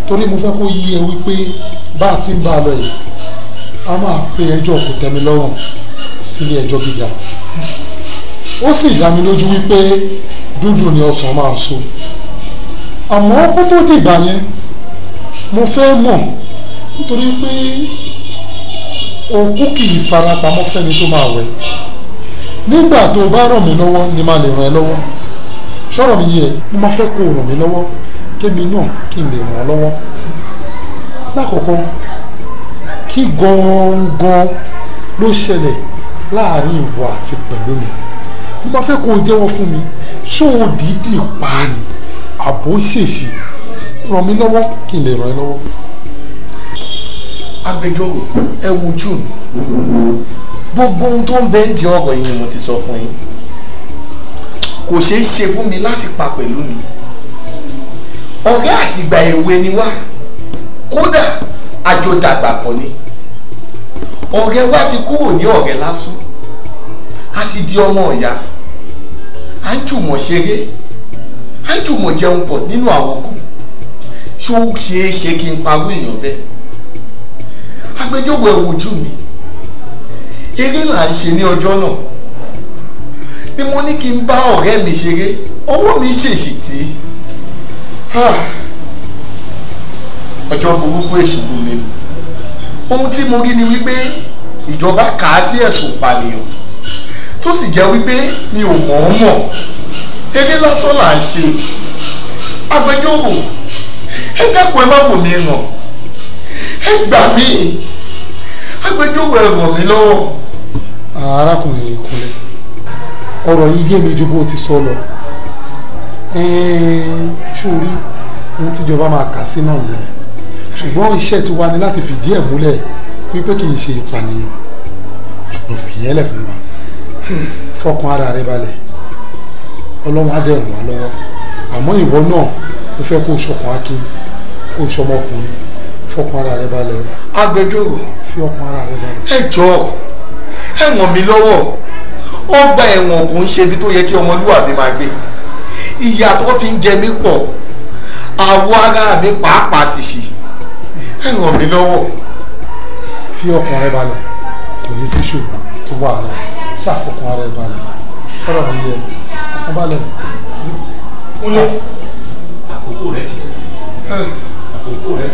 torí mo fẹ́ kó yí ẹ wípé bá a ti ń bá a lọ yìí a máa pe ẹjọ́ kò tẹ́mi lọ́rùn sílé ẹjọ́ gíga ó sì dá mi lójú wípé dúdú ni ọsàn máa so àmọ́ kó tó dìgbà yẹn mo fẹ́ mọ̀ nítorí pé òkú kì í farapamọ́ fẹ́ni tó máa wẹ̀ nígbà tó bá ràn mí lọ́wọ́ ni màá lè ràn ẹ́ lọ́wọ́ sọ̀rọ̀ mi yẹ mo máa fẹ́ kó ràn mí lọ́wọ́ kémi náà kí n lè ràn án lọ́wọ́ lákọ̀ọ́kọ́ kí gangan ló ṣẹlẹ̀ láàrin ìwọ àti pẹ̀lú mi mo máa fẹ́ kó o jẹ́wọ́ fún mi ṣó o dìídì pa ni àbò ṣèṣì ràn mí lọ́wọ́ kí n lè ràn ẹ́ lọ́wọ́. agbẹjọ́rò ẹ wojú mi gbogbo ohun tó ń bẹ ń di ọ̀rọ̀ yìí ni mo ti sọ fún yín kò ṣeé ṣe fún mi láti pa pẹ̀lú mi ọ̀rẹ́ àtìgbà èwe ni wá kódà àjọdàgbà pọ̀ ni ọ̀rẹ́ wa ti kúrò ní ọ̀rẹ́ lásán a ti di ọmọ ìyá a ń jùmọ̀ ṣeré a ń jùmọ̀ jẹun pọ̀ nínú àwọn kan ṣó ṣeé ṣe kí n parọ́ èèyàn bẹ́ẹ̀ agbẹjọ́wọ́ ẹ̀ wojú mi eré là ń ṣe ní ọjọ́ náà ni mo ní kí n bá ọ̀rẹ́ mi ṣeré ọwọ́ mi ṣèṣì tí Ah. ọjọ́ burúkú èṣù ló lé ohun tí mo rí ni wípé ìjọba kà á sí ẹ̀sùn ìpànìyàn tó sì jẹ́ wípé mi ò mọ̀ ọ́ mọ̀ eré lásán là ń ṣe agbẹjọ́rò ẹ dákun ẹ má wò mí ràn ẹ gbà mí agbẹjọ́rò ẹ ràn mí lọ́wọ́. arákùnrin ìkúnlẹ̀ ọ̀rọ̀ yìí yé mi ju bó ti sọ lọ. So ṣòrí ohun tíjọba máa kà sí náà nìyẹn ṣùgbọ́n iṣẹ́ tiwa ni láti fìdí ẹ̀ múlẹ̀ wípé kì í ṣe ìpànìyàn ṣùgbọ́n fìyẹn lẹ̀ fún wa fọkàn ara rẹ balẹ̀ ọlọ́run á dẹ̀rùn wá lọ́wọ́ àmọ́ ìwọ náà mo fẹ́ kó o ṣọkàn akin kó o ṣọmọkùnrin fọkàn ara rẹ balẹ̀. agbẹjọ́rò fi ọkàn ara rẹ balẹ̀. ẹ jọ̀ọ́ ẹ ràn mí lọ́wọ́ ọgbà ẹ̀wọ̀n kò ń ṣe ibi tó yẹ kí ọmọlúwàbí máa gbé ìyà tó fi ń jẹ mí pọ̀ àwọ̀ ara mi pàápàá ti ṣì ẹ ràn mí lọ́wọ́. fi ọkàn rẹ balẹ̀ kò ní sí ṣòro tó wà lọ ṣàfọkàn rẹ balẹ̀ fọ́rọ̀ mi yẹ ọkàn balẹ̀. kúnlẹ̀ àkókò rẹ ti àkókò rẹ ti.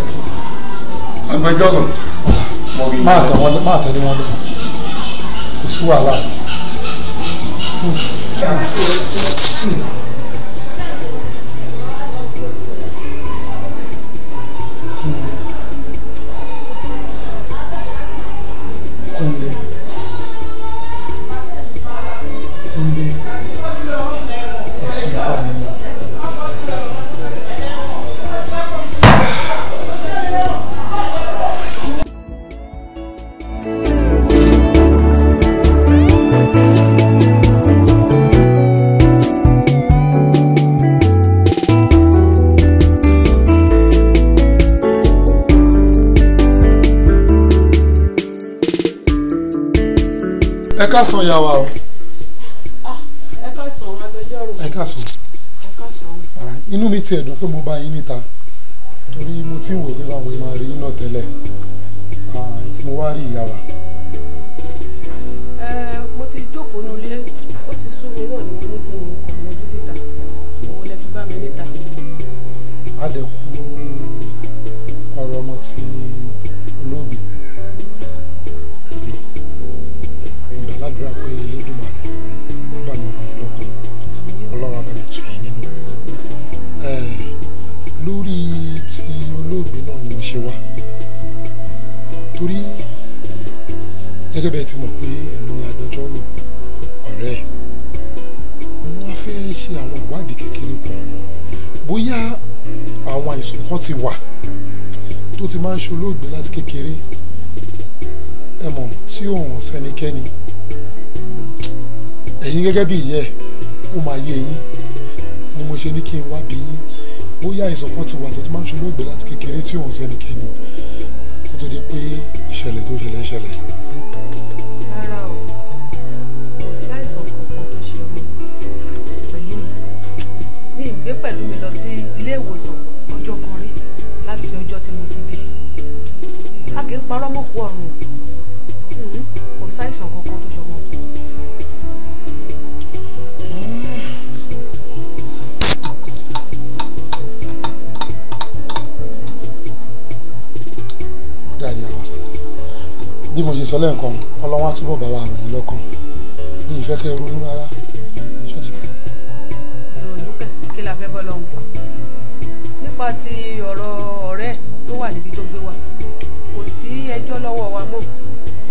agbẹjọ́rò máa tẹ̀lé wọn lọ kò sí wàhálà. Mm-hmm. káàsán ìyá wa o. Ah, ẹ káàsán agbẹjọ́rò. ẹ káàsán. ẹ káàsán. inú mi tiẹ̀ dùn pé mo bá yín níta torí mo ti ń wò pé báwo máa rí iná tẹ́lẹ̀ ah, mo wá rí ìyá wa. gẹ́gẹ́ bẹ́ẹ̀ ti mọ̀ pé èmi ni agbẹjọ́rò ọ̀rẹ́ mo wá fẹ́ ṣe àwọn ìwádìí kékeré kan bóyá àwọn àìsàn kan ti wà tó ti máa ń ṣolóògbé láti kékeré ẹ mọ̀ tí òun sẹ́nikẹ́ni ẹ̀yin gẹ́gẹ́ bí ìyẹ́ ó máa yé yín ni mo ṣe ní kí n wá bí yín bóyá àìsàn kan ti wà tó ti máa ń ṣolóògbé láti kékeré tí òun sẹ́nikẹ́ni kó tó di pé ìṣẹ̀lẹ̀ tó ṣẹlẹ̀ ṣẹlẹ̀. gbé pẹ̀lú mi lọ sí ilé ìwòsàn ọjọ́ kan rí láti ọjọ́ tí mo ti bí a kì í parọ́ mọ́ kú ọ̀run hmm, kò sáìsàn kankan tó ṣọmọ. bí mo ṣe sọ lẹ́ẹ̀kan ọlọ́wọ́n á túbọ̀ bá wa ràn lọ́kàn ní ìfẹ́ ronú rárá ṣé ti. nípa ti ọ̀rọ̀ ọ̀rẹ́ tó wà níbi tó gbé wa kò sí ẹjọ́ lọ́wọ́ wa mọ́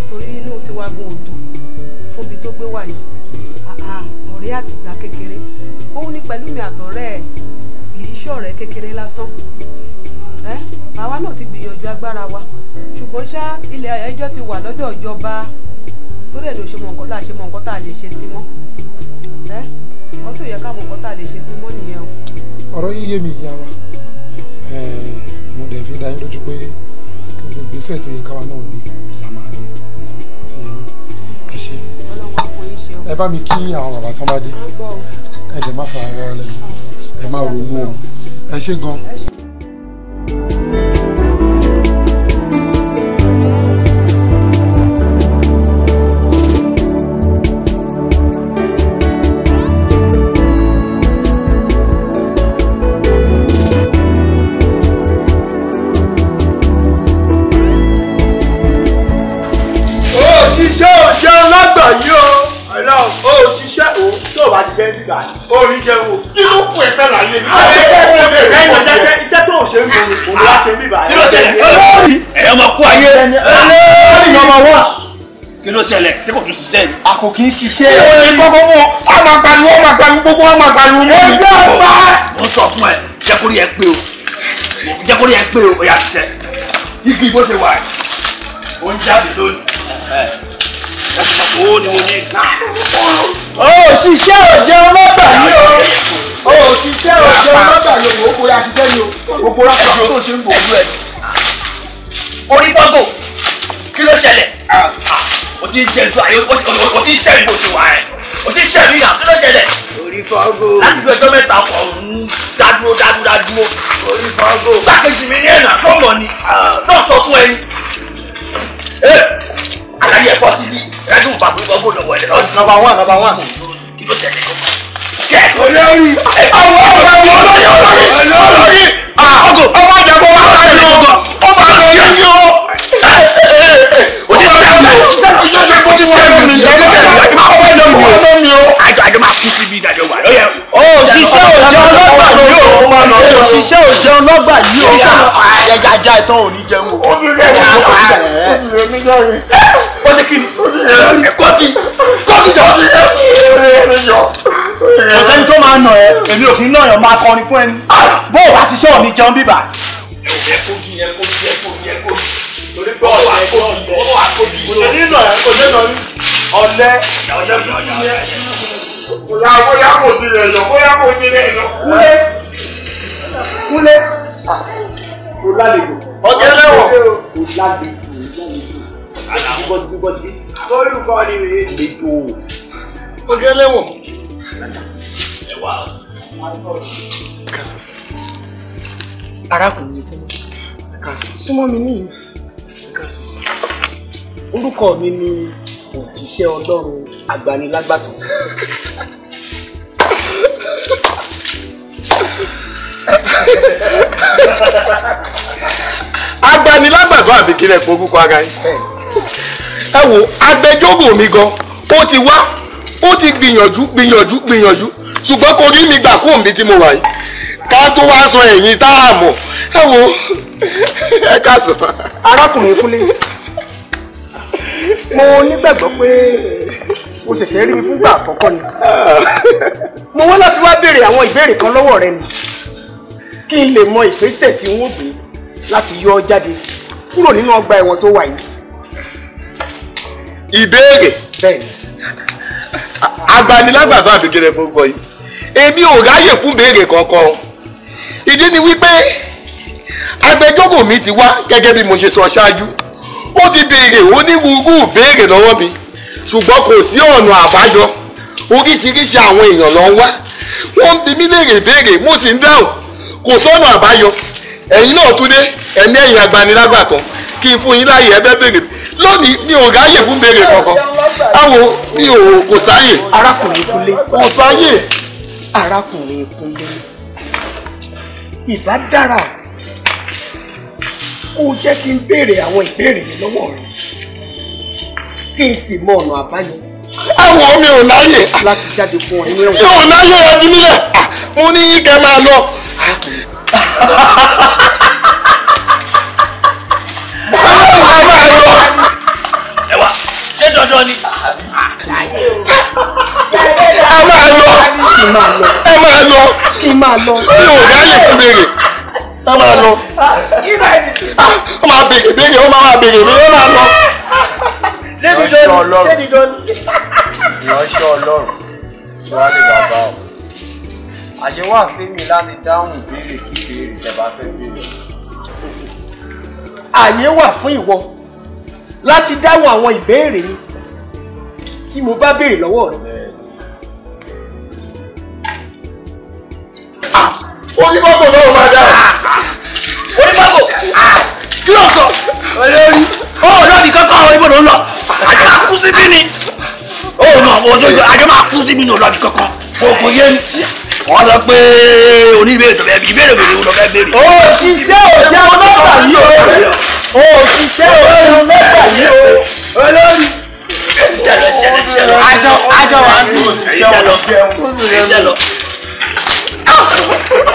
torí inú tiwa gan ò dùn fúnbi tó gbé wa yẹn ọ̀rẹ́ àtìgbà kékeré òun ni pẹ̀lú mi àtọ̀rẹ́ ẹ̀ yìí kékeré lásán ẹ́ àwa náà ti gbìyànjú agbára wa ṣùgbọ́n ṣá ilẹ̀ ẹjọ́ ti wà lọ́dọ̀ ìjọba torí ẹ̀ ló ṣe mọ nǹkan tá a ṣe mọ nǹkan tá a lè ṣe sí mọ́ ẹ́ nǹkan tó yẹ ká mọ nǹkan tá a lè ṣe sí mọ́ nìyẹn o. ọ̀rọ̀ yín mi ìyá wa Eh, mo dẹ̀ fi dá yín lójú pé gbogbo ìgbésẹ̀ tó yẹ káwa náà gbé la máa gbé ti ẹ ṣe. ẹ bá mi kí àwọn bàbá tán bá dé ẹ dẹ̀ má fa ara lẹ́nu ẹ má ronú o ẹ ṣe gan. thank you gbà orin jẹun kí ló kù ẹ̀fẹ́ láyé mi. iṣẹ́ tó ń ṣe ń bọ̀ òun wá ṣe ń bíbà. kí ló ṣẹlẹ̀ lórí ẹ̀yọ́ máa kú ayé lórí ọmọ wọn. kí ló ṣẹlẹ̀ ṣé kò tún ṣiṣẹ́ ni. a kò kí ń ṣiṣẹ́. ìwé ni gbogbo wọn a máa pariwo a máa pariwo gbogbo wọn a máa pariwo mọ́ mi. mo sọ fún ẹ jẹ́ kórí ẹ o jẹ́ kórí ẹ pé o ó yá ṣiṣẹ́ igi bó ṣe owó ni mo ní ká. òṣìṣẹ́ òjò mọ́tà ni o òṣìṣẹ́ òjò mọ́tà ni o òkúra ṣiṣẹ́ ni o òkúra kan tó ṣe ń bò wúlẹ̀. orí fọ́tò kí ló ṣẹlẹ̀ ah. o ti jẹ ìtura o ti ṣẹ́ ìgbòsí wa ẹ̀ o ti ṣẹ́ mi yàn kí ló ṣẹlẹ̀ orí fọ́gò. láti fi ọjọ́ mẹ́ta kọ̀ ń dádúró dádúró dádúró. orí fọ́gò. gbàkejì mi ní ẹ̀nà sọ̀rọ̀ ni sọ̀sọ̀ ah. fún ẹni. aláyẹ̀ ẹ̀kọ́ sí bí ẹdun bàbá ìbọn bò lọ́wọ́ ẹ lọ. nọ́mbà wọn nọ́mbà wọn. kí tẹ̀lé kọ́ kẹ́kọ̀ọ́ lórí àwọn ọ̀rọ̀ mi olórí olórí olórí àgọ́ ọmọ àjàgbọ́ wa ta ẹ̀ lọ́gọ́ ó máa lọ yẹ yí o. o ti sẹ́yìn mi o ti sẹ́yìn mi o ti sẹ́yìn mi o ti sẹ́yìn mi ọmọ ẹ̀dọ́ mi o ọmọ mi o. àjọ àjọ máa kú síbi ìdájọ́ wa lọ́yẹ̀. òṣìṣẹ́ òjẹun lọ́gbà yìí o òṣìṣẹ́ òjẹun lọ́gbà yìí o. àjàjà ìtàn ò ní jẹun o kí ni kọ́kì kọ́kì jọ́sí ẹni yọ. kò sẹ́ni tó máa nà ẹ́ èmi ò kì í nà yàn máa kọrin fún ẹni bó o wá ṣiṣẹ́ òní jẹun bíbà. ẹ kò di ẹ kò di ẹ kò di ẹ kò di torí pé ọwọ́ àkó di ọwọ́ àkó di kò sẹ́ni nà ẹ kò sẹ́ni nà ní ọ̀lẹ́ ọ̀lẹ́ tó ti yẹ. bóyá bóyá kò di ẹ yọ bóyá kò di ẹ yọ. kúlé kúlé kò lálejò. ọ̀gẹ́lẹ́wọ̀ kò lálejò àlàfo bọ́tí bọ́tí olùkọ́ ni rèé ètò ojú ẹlẹ́wọ̀n. ẹwà kásán arákùnrin kásán súnmọ́ mi ní kásán orúkọ mi ni òjíṣẹ́ ọlọ́run agbanilágbàtọ́. agbanilágbàtọ́ àbí kílẹ̀ pọ̀ orúkọ ara yìí ẹ wò agbẹjọ́rò mi gan ó ti wá ó ti gbìyànjú gbìyànjú gbìyànjú ṣùgbọ́n kò rí mi gbà kó òǹbí tí mo wà yìí ká tó wá sọ ẹ̀yìn tá a mọ̀ ẹ wò ẹ ká sọ. arákùnrin kúnlé mo nígbàgbọ́ pé o ṣẹ̀ṣẹ̀ rí mi fúngbà àkọ́kọ́ ni mo wá láti wá béèrè àwọn ìbéèrè kan lọ́wọ́ rẹ ni kí n lè mọ ìgbésẹ̀ tí n ó gbé láti yọ ọ jáde kúrò nínú ọgbà ẹ̀wọ̀n tó wà yìí ìbéèrè agbanilágbàdo àfikẹrẹ fún gbọ yìí èmi ò ráyè fún béèrè kankan ìdí ni wípé agbẹjọ́rò mi ti wá gẹ́gẹ́ bí mo ṣe sọ ṣáájú ó ti béèrè onírúurú béèrè lọ́wọ́ mi ṣùgbọ́n kò sí ọ̀nà àbáyọ oríṣiríṣi àwọn èèyàn ló ń wá wọ́n ń bi mí léèrè béèrè mo sì ń dáhùn kò sọ́nà àbáyọ ẹ̀yin náà túndé ẹ̀mí ẹ̀yìn agbanilágbà kan kí n fún yín láàyè ẹ bẹ́ẹ̀ béèrè lónìí mi ò ráyè fún béèrè kankan àwo mi ò kò sáyè. arákùnrin kúnlé. kò sáyè. arákùnrin kúnlé ìbá dára kó o jẹ́ kí n béèrè àwọn ìbéèrè mi lọ́wọ́ rẹ kí n sì mọ ọ̀nà àbáyọ. àwọ̀ mi ò láyè. láti jáde fún ọ nínú mi ò láyè ẹbí nílẹ̀ mo ní kẹ́ máa lọ. dandan ni. ẹ máa lọ ẹ máa lọ ẹ máa lọ kí n máa lọ. mi ò ráyè fún béèrè ẹ máa lọ. Ah, ó máa béèrè béèrè ó máa béèrè mi ó máa lọ. lọ́sọ̀ ọlọ́run lọ́sọ̀ ọlọ́run sọ́ọ́lì bàbá o àyè wà fún mi láti dáhùn ìbéèrè kí ìbéèrè tẹ̀bá fẹ́ béèrè. àyè wà fún ìwọ láti dáhùn àwọn ìbéèrè yìí tí mo bá béèrè lọ́wọ́ rẹ. onímọ́tò náà máa dá o onímọ́tò kí ló sọ olórí ó lórí kankan àwọn ibodò ń lọ àjọ máa kú síbí ni ó nà ọjọ́ àjọ máa kú síbí ni olórí kankan gbogbo yé wọ́n sọ pé oníbèrè tó fẹ́ bí ìbéèrè bèrè ló fẹ́ béèrè. òṣìṣẹ́ òjá ọlọ́pàá yìí o òṣìṣẹ́ òjá ọlọ́pàá yìí o ṣẹlọ ṣẹlọ ṣẹlọ ajọ ajọ wa ń lò ṣẹlọ ṣẹlọ.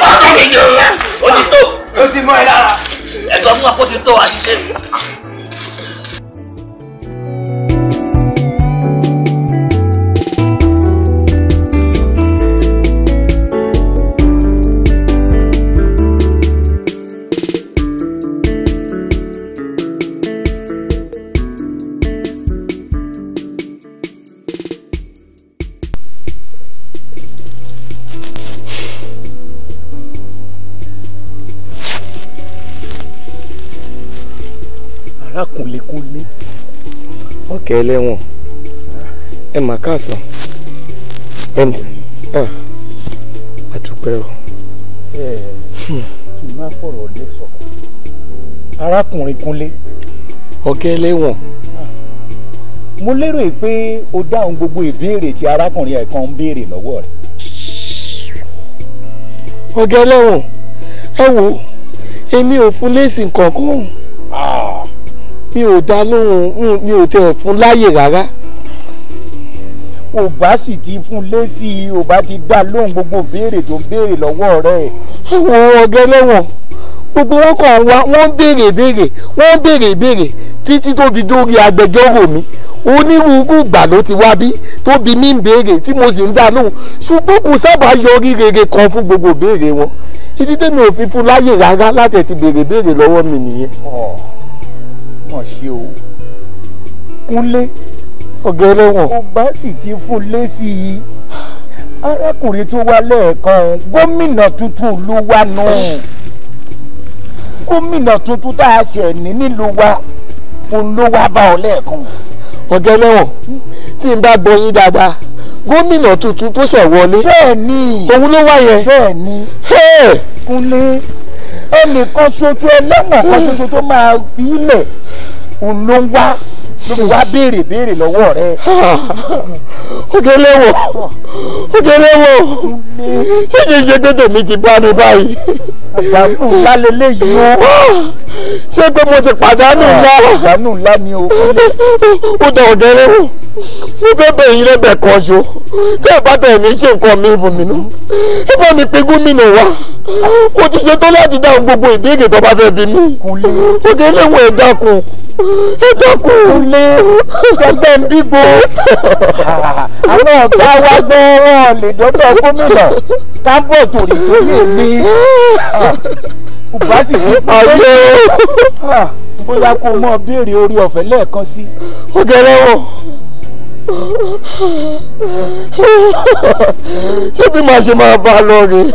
ọ̀sán mi yóò rà ó ti tó. ó ti mọ ẹ lára. ẹ̀sọ́ fún wa kó ti tó wa ṣiṣẹ́. ará kúnlékúnlé. ọ̀kẹ́ ẹlẹ́wọ̀n ẹ mà káàsán ẹ mà àdúpẹ́ o. ẹ ẹ kì í má fọ̀rọ̀ lé sọ̀kọ̀ arákùnrin kúnlé. ọ̀kẹ́ ẹlẹ́wọ̀n. mo lérò pé o dáhùn gbogbo ìbéèrè tí arákùnrin ẹ̀kan ń béèrè lọ́wọ́ rẹ̀. ọ̀gá ẹlẹ́wọ̀n ẹ wo èmi ò fún léèsì kankan mi ò dá lóhùn mi ò tẹ̀ fún láyè rárá. ògbà sì ti fún lésì ògbà ti dá lóhùn gbogbo béèrè tó ń béèrè lọ́wọ́ rẹ̀. àwọn ọ̀gá ẹlẹ́wọ̀n gbogbo wọn kàn wá wọ́n ń béèrè béèrè wọ́n ń béèrè béèrè títí tó fi dórí agbẹjọ́rò mi onírúurú ìgbà ló ti wá bí tó bi mí ń béèrè tí mo sì ń dá lóhùn ṣùgbọ́n kò sábà yọrí rere kan fún gbogbo béèrè wọn títí tẹ́mi ò fi fún láyè rárá láti ti béèrè béèrè lọ́wọ́ mi nìyẹn mọ̀ ṣe o kúnlé ọ̀gá ẹlẹ́wọ̀n ó bá sì ti fún lésì yìí arákùnrin tó wá lẹ́ẹ̀kan gómìnà tuntun ló wá nù gómìnà tuntun tá a ṣẹ̀ ní nílùú wa òun ló wá bá ọ lẹ́ẹ̀kan. ọ̀gá ẹlẹ́wọ̀n tí n bá gbọ́ yín dáadáa gómìnà tuntun tó ṣẹ̀ wọlé òun ló wá yẹn. bẹ́ẹ̀ni kúnlé ẹnìkan ṣoṣo ẹlẹ́wọ̀n kan hmm. ṣoṣo tó máa fi ilẹ̀ òun ló ń wá ló fi wá béèrè béèrè lọ́wọ́ rẹ. ó délé wò ojúlówó ṣé kìí ṣe pé tèmi ti bá mi báyìí. àdánù ńlá leléyìí o. ṣé pé mo ti pàdánù ńlá. àdánù ńlá ni o. ó dọ̀ ọ̀gẹ́rẹ́ o mo fẹ́ bẹ̀ yín lẹ́bẹ̀ kan ṣo tẹ́ ẹ bá bẹ̀rẹ̀ mí ṣe nǹkan mi fún mi nù ẹ bá mi pe gómìnà wa mo ti ṣetán láti dáhùn gbogbo ìbéèrè tó bá fẹ́ bí mi ògèléwọ̀n ẹ dákun ẹ dákun. kúnlé gbẹgbẹ ń bígbó àwọn ọ̀gá wa gbọ́ ọ̀rọ̀ lèdọ́dọ̀ gómìnà kábọ̀t òrìṣòyè mi ìbá ah, sì kí ayé ah, bóyá kó mọ béèrè orí ọ̀fẹ́ lẹ́ẹ̀kan sí. ó gẹrẹ wọn ṣé bí màá ṣe máa bá a lọ rèé.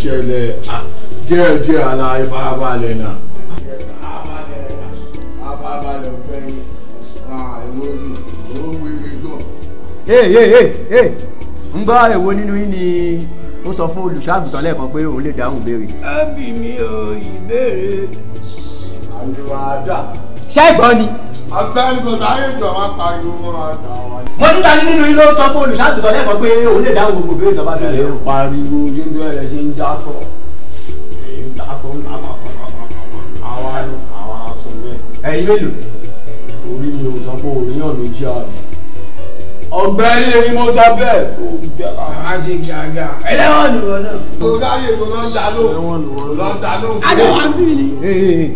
ṣẹlẹ̀ díẹ̀díẹ̀ ara ìfarabalẹ̀ na àfarabalẹ̀ ọ̀fẹ́ ni na ni ìwọ wíwí gan. ee ee ee ee ń gbọ́ èwo nínú yín ni ó sọ fún olùṣàgùtàn pé o lè dáhùn ìbéèrè. ábì mi ò ìbéèrè. àyẹ̀wò àdá. ṣé ni. agbẹ́ni kò sáyé jọ máa pariwo mọ́ra dà wá. mo ní ta ni nínú ilé ó sọ fún olùṣàtúntọ́ lẹ́kọ̀ọ́ pé òun lè dáhùn gbogbo ìbéèrè tọ́ba bẹ̀rẹ̀ o. pariwo jíndú ẹ̀rẹ̀ ṣe ń jàtọ̀ èyí ń dàkọ̀ ń dàkọ̀ àwọn àwọn aṣọ bẹ́ẹ̀. ẹ̀yin mélòó. orí mi ò sọ pé orí yàn méjì àná ọ̀gbẹ́ni èyí mo sọ bẹ́ẹ̀ kò gbẹra. a ṣe gàgà. ẹlẹ́wọ̀n nìwọ náà. o láyé mo lọ da ló lọ da ló. adé wa ń bí ni.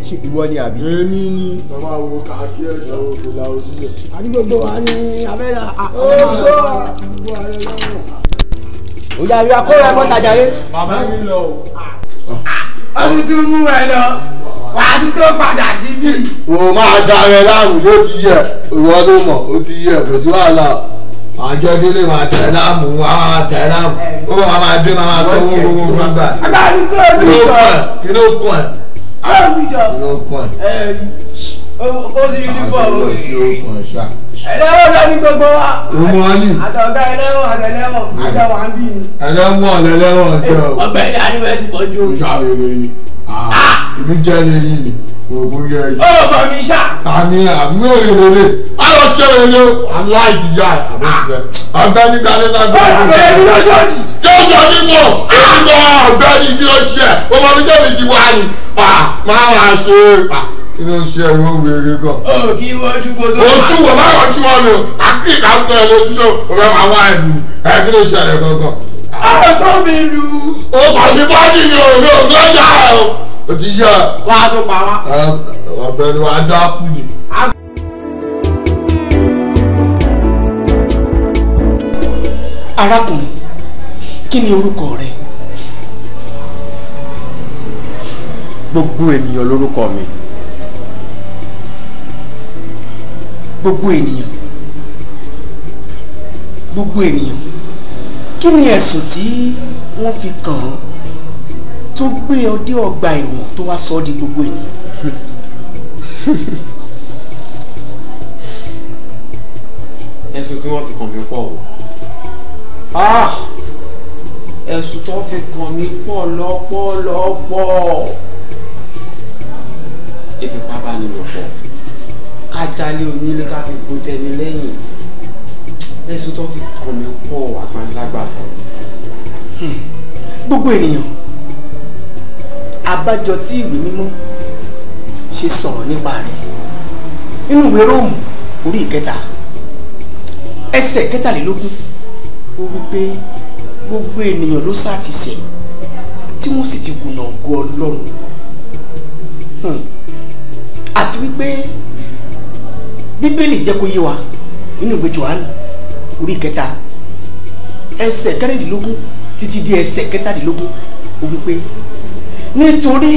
ṣé ìwọ ni àbí. èmi ni. bàbá wo kàkí ẹ̀ṣọ́ òkè la o sílẹ̀. àdúgbò wa ni abẹ́rẹ́ àgbọ̀ àgbọ̀ àrẹ lọ́wọ́. ó yàrá akóra ẹ̀kọ́ tajà yé. bàbá mi lọ o. Ah. ọdún tún mú ẹ lọ wàá tún tó padà síbí. wò ó máa dára ẹ láàrú ló ti yẹ ìwọ ló mọ ó ti yẹ kò sí wàhálà àjọ délé wa tẹ̀láàmù wa tẹ̀láàmù ó bá wa dé máa sọ owó gbogbo gbàgbà inú kùn ẹ̀ inú kùn ẹ̀ ó sì yúnífọ̀mù inú kùn ẹ̀ ṣá. ẹlẹ́wọ̀n bẹ́ẹ̀ ni gbogbo wa àtọ̀gbẹ́ ẹlẹ́wọ̀n àtẹlẹ́wọ̀n àtẹwà ń bí ẹlẹ́wọ̀n lẹ́lẹ́wọ̀n jẹ́ o. ọbẹ̀ ni àdìbẹ́sì pọ̀ ju. ìyá rere ni ibi ah, ah! jẹ́ lẹ́yìn ni ògùn yìí. ó bọ̀ mí ṣá. àní àmì òrèlè ayọ̀ ṣẹlẹ̀ aláìsí yá àbẹ̀tẹ̀ abẹ́ni gbalẹ̀ lágbàdo. ọ̀rẹ́ mi ló ṣọ́ọ̀jì. yóò sọ nínú àgọ́ abẹ́ni bí ó ṣe ẹ̀ ọmọ mi tẹ̀lé ti wá ní pa máa wá ṣe é pa inú ṣe ìwé wèrè gan. ó kí wọ́n ju gbogbo. ojú wo máa wọ́n tí wọ́n lò àti ìdáhùn ń gbọ́ yà á o ti yá. wà á tó pa wá. ọbẹ̀ ni wà á dá kú ni. arákùnrin kí ni orúkọ rẹ. gbogbo ènìyàn lórúkọ mi gbogbo ènìyàn gbogbo ènìyàn kí ni ẹ̀sùn tí wọ́n fi kàn án tó gbé ọ dé ọgbà ẹ̀wọ̀n tó wá sọ ọ́ di gbogbo ènìyàn. ẹ̀sùn tí wọ́n fi kàn mí pọ̀ o. Ah! ẹ̀sùn tó fi kàn mí pọ̀ lọ́pọ̀lọpọ̀. ìfipábánilòpọ̀ kájálé onílé ká fi gun tẹni lẹ́yìn ẹ̀sùn tó fi kàn mí pọ̀ àgbàlagbà. Hmm. gbogbo ènìyàn abájọ tí ìwé mímọ́ ṣe sọ̀rọ̀ nípa rẹ̀ nínú ìwé róòmù orí ìkẹta ẹsẹ̀ kẹtàlélógún ó wí pé gbogbo ènìyàn ló sá ti ṣẹ̀ tí wọ́n sì ti kùnà ògo ọlọ́run hmm. àti wípé bíbélì jẹ́ kó yé wa nínú ìwé johannu orí ìkẹta ẹsẹ̀ kẹrìndínlógún títí di ẹsẹ̀ kẹtàdínlógún ó wí pé nítorí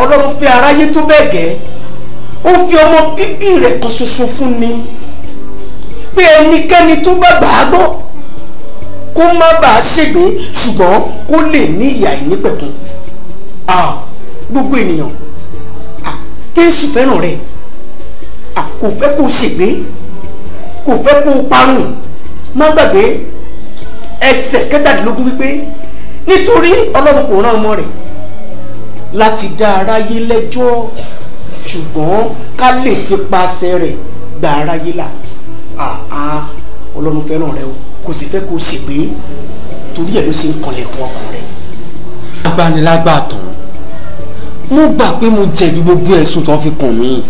ọlọ́run fẹ́ aráyé tó bẹ́ẹ̀ gẹ́ ó fi ọmọ bíbí rẹ̀ kan ṣoṣo fún mi pé ẹnikẹ́ni tó bá gbàá gbọ́ kó má bàa ṣègbé ṣùgbọ́n kó lè ní ìyà ìnípẹ̀kun gbogbo ènìyàn jésù fẹ́ràn rẹ̀ kò fẹ́ kó ṣègbé kò fẹ́ kó parun má gbàgbé ẹsẹ̀ kẹtàdínlógún wípé nítorí ọlọ́run kò rán ọmọ rẹ̀ láti dá aráyé lẹ́jọ́ ṣùgbọ́n ká lè ti paṣẹ rẹ̀ gba aráyé là ọlọ́run fẹ́ràn rẹ o kò sì fẹ́ kó o ṣègbé torí ẹ̀ ló ṣe ń kanlẹ̀kùn ọkàn rẹ. agbanilágbà tán mo gbà pé mo jẹ̀bi gbogbo ẹ̀sùn tó fi kàn mí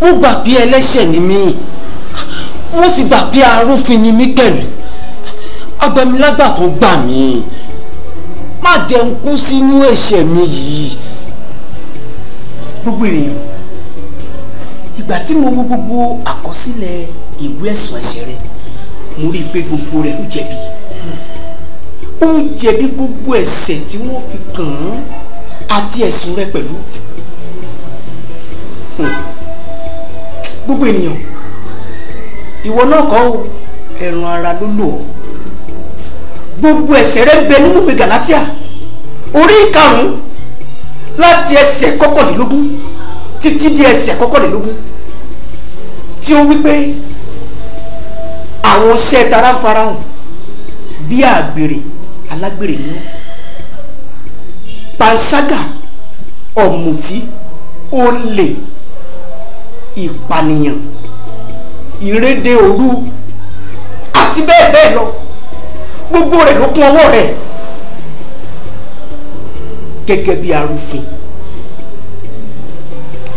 mo gbà pé ẹlẹ́ṣẹ̀ ni mí mo sì gbà pé arúfin ni mí pẹ̀lú agbanilágbà gbà mí má jẹ́ n kú sínú ẹ̀ṣẹ̀ mi yìí. gbogbo ènìyàn ìgbà tí mo wo gbogbo àkọsílẹ̀ ìwé ẹ̀sùn ẹ̀ṣẹ̀ rẹ mo rí i pé gbogbo rẹ ló jẹ̀bi ó ń jẹ̀bi gbogbo ẹ̀ṣẹ̀ tí wọ́n fi kàn án àti ẹ̀sùn rẹ pẹ̀lú hmm. gbogbo ènìyàn ìwọ náà kọ́ ẹ̀rùn ara ló lò ọ́ gbogbo ẹsẹ̀ rẹ̀ ń bẹ nínú ìwé Galatia orí karùn-ún láti ẹsẹ̀ kọkànlélógún títí di ẹsẹ̀ kọkànlélógún tí ó wípé àwọn iṣẹ́ tara ń farahàn bí àgbèrè alágbèrè nínú panṣágà ọ̀mùtí olè ìpànìyàn ìrédè òru àti bẹ́ẹ̀ bẹ́ẹ̀ lọ. No gbogbo rẹ̀ ló kún ọwọ́ rẹ̀ gẹ́gẹ́ bí arúfin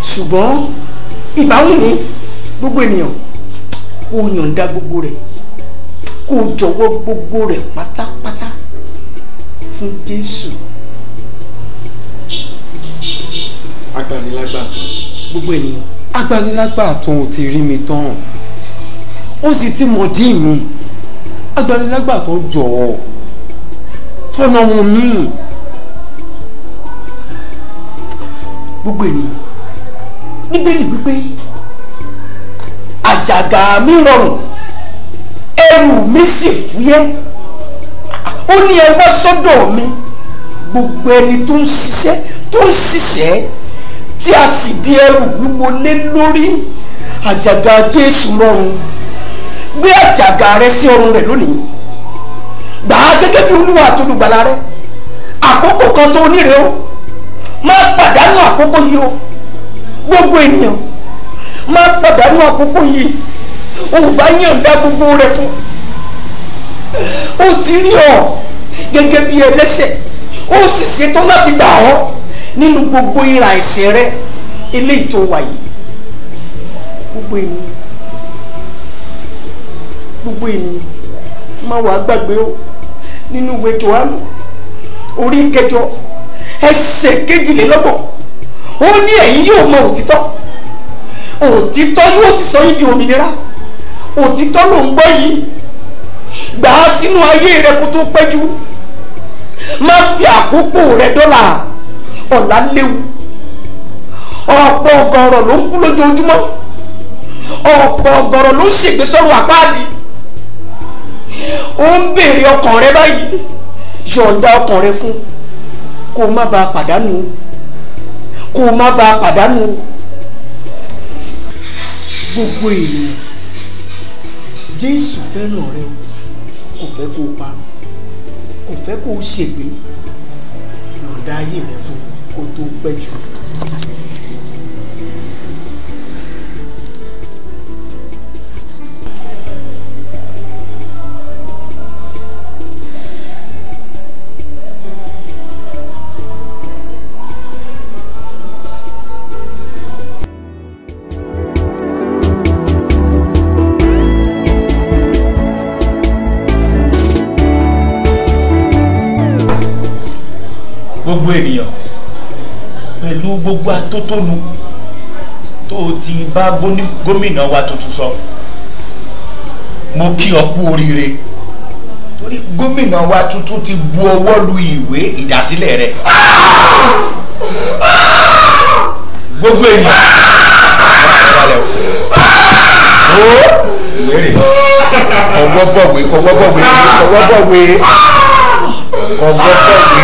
ṣùgbọ́n ìbáwùn ni gbogbo ènìyàn kó yọ̀ǹda gbogbo rẹ̀ kó jọ̀wọ́ gbogbo rẹ̀ pátápátá fún Jésù. agbanilágbà tó. gbogbo ènìyàn. agbanilágbà tó ti rí mi tán ó sì ti mọ̀ dín mi agbanilágbà tó jọ ọ fọnà wọn míì gbogbo ènìyàn níbẹ̀rẹ̀ wípé àjàgà mi rọrùn ẹrù mi sì fúyẹ́ ó ní ẹ wá sọ́dọ̀ mi gbogbo ẹni tó ń ṣiṣẹ́ tó ń ṣiṣẹ́ tí a sì di ẹrù wíwo lórí àjàgà Jésù rọrùn gbé àjàgà rẹ sí ọrùn rẹ lónìí gbà á gẹ́gẹ́ bí olúwa àtolùgbàlà rẹ àkókò kan tó níre o má pàdánù àkókò yìí o gbogbo ènìyàn má pàdánù àkókò yìí o bá yànda gbogbo rẹ fún o ti rí ọ gẹ́gẹ́ bí ẹlẹ́ṣẹ̀ ó sì ṣetán láti gbà ọ́ nínú gbogbo ìrà ẹ̀ṣẹ̀ rẹ eléyìí tó wà yìí gbogbo ènìyàn gbogbo ènìyàn má wàá gbàgbé o nínú ìwé johannu orí kẹjọ ẹsẹ̀ kejìlélọ́gbọ̀n ó ní ẹ̀yin yóò mọ òtítọ́ òtítọ́ yóò sì sọ yín di òmìnira òtítọ́ ló ń gbọ́ yìí gbà á sínú ayé rẹ kó tó pẹ́jú má fi àkókò rẹ dọ́là ọ̀la léwu ọ̀pọ̀ ọ̀gọ̀rọ̀ ló ń kú lójoojúmọ́ ọ̀pọ̀ ọ̀gọ̀rọ̀ ló ń ṣègbésọ́rùn àpáàdì ó ń béèrè ọkàn rẹ báyìí yọ̀ǹda ọkàn rẹ fún kó má ba pàdánù kó má bàa pàdánù gbogbo ènìyàn Jésù fẹ́ràn rẹ o kò fẹ́ kó o pa kò fẹ́ kó o ṣègbé yọ̀ǹda ayé rẹ fún kó tó pẹ́ jù. gbogbo ènìyàn pẹ̀lú gbogbo atótónu tó o ti bá gómìnà wa tuntun sọ mo kí ọ kú oríire torí gómìnà wa tuntun ti bu ọwọ́ lu ìwé ìdásílẹ̀ rẹ̀ gbogbo ènìyàn balẹ̀ o ọwọ́ bọ̀wé kọwọ́ bọ̀wé kọwọ́ bọ̀wé ọgbọ́tọ̀ pé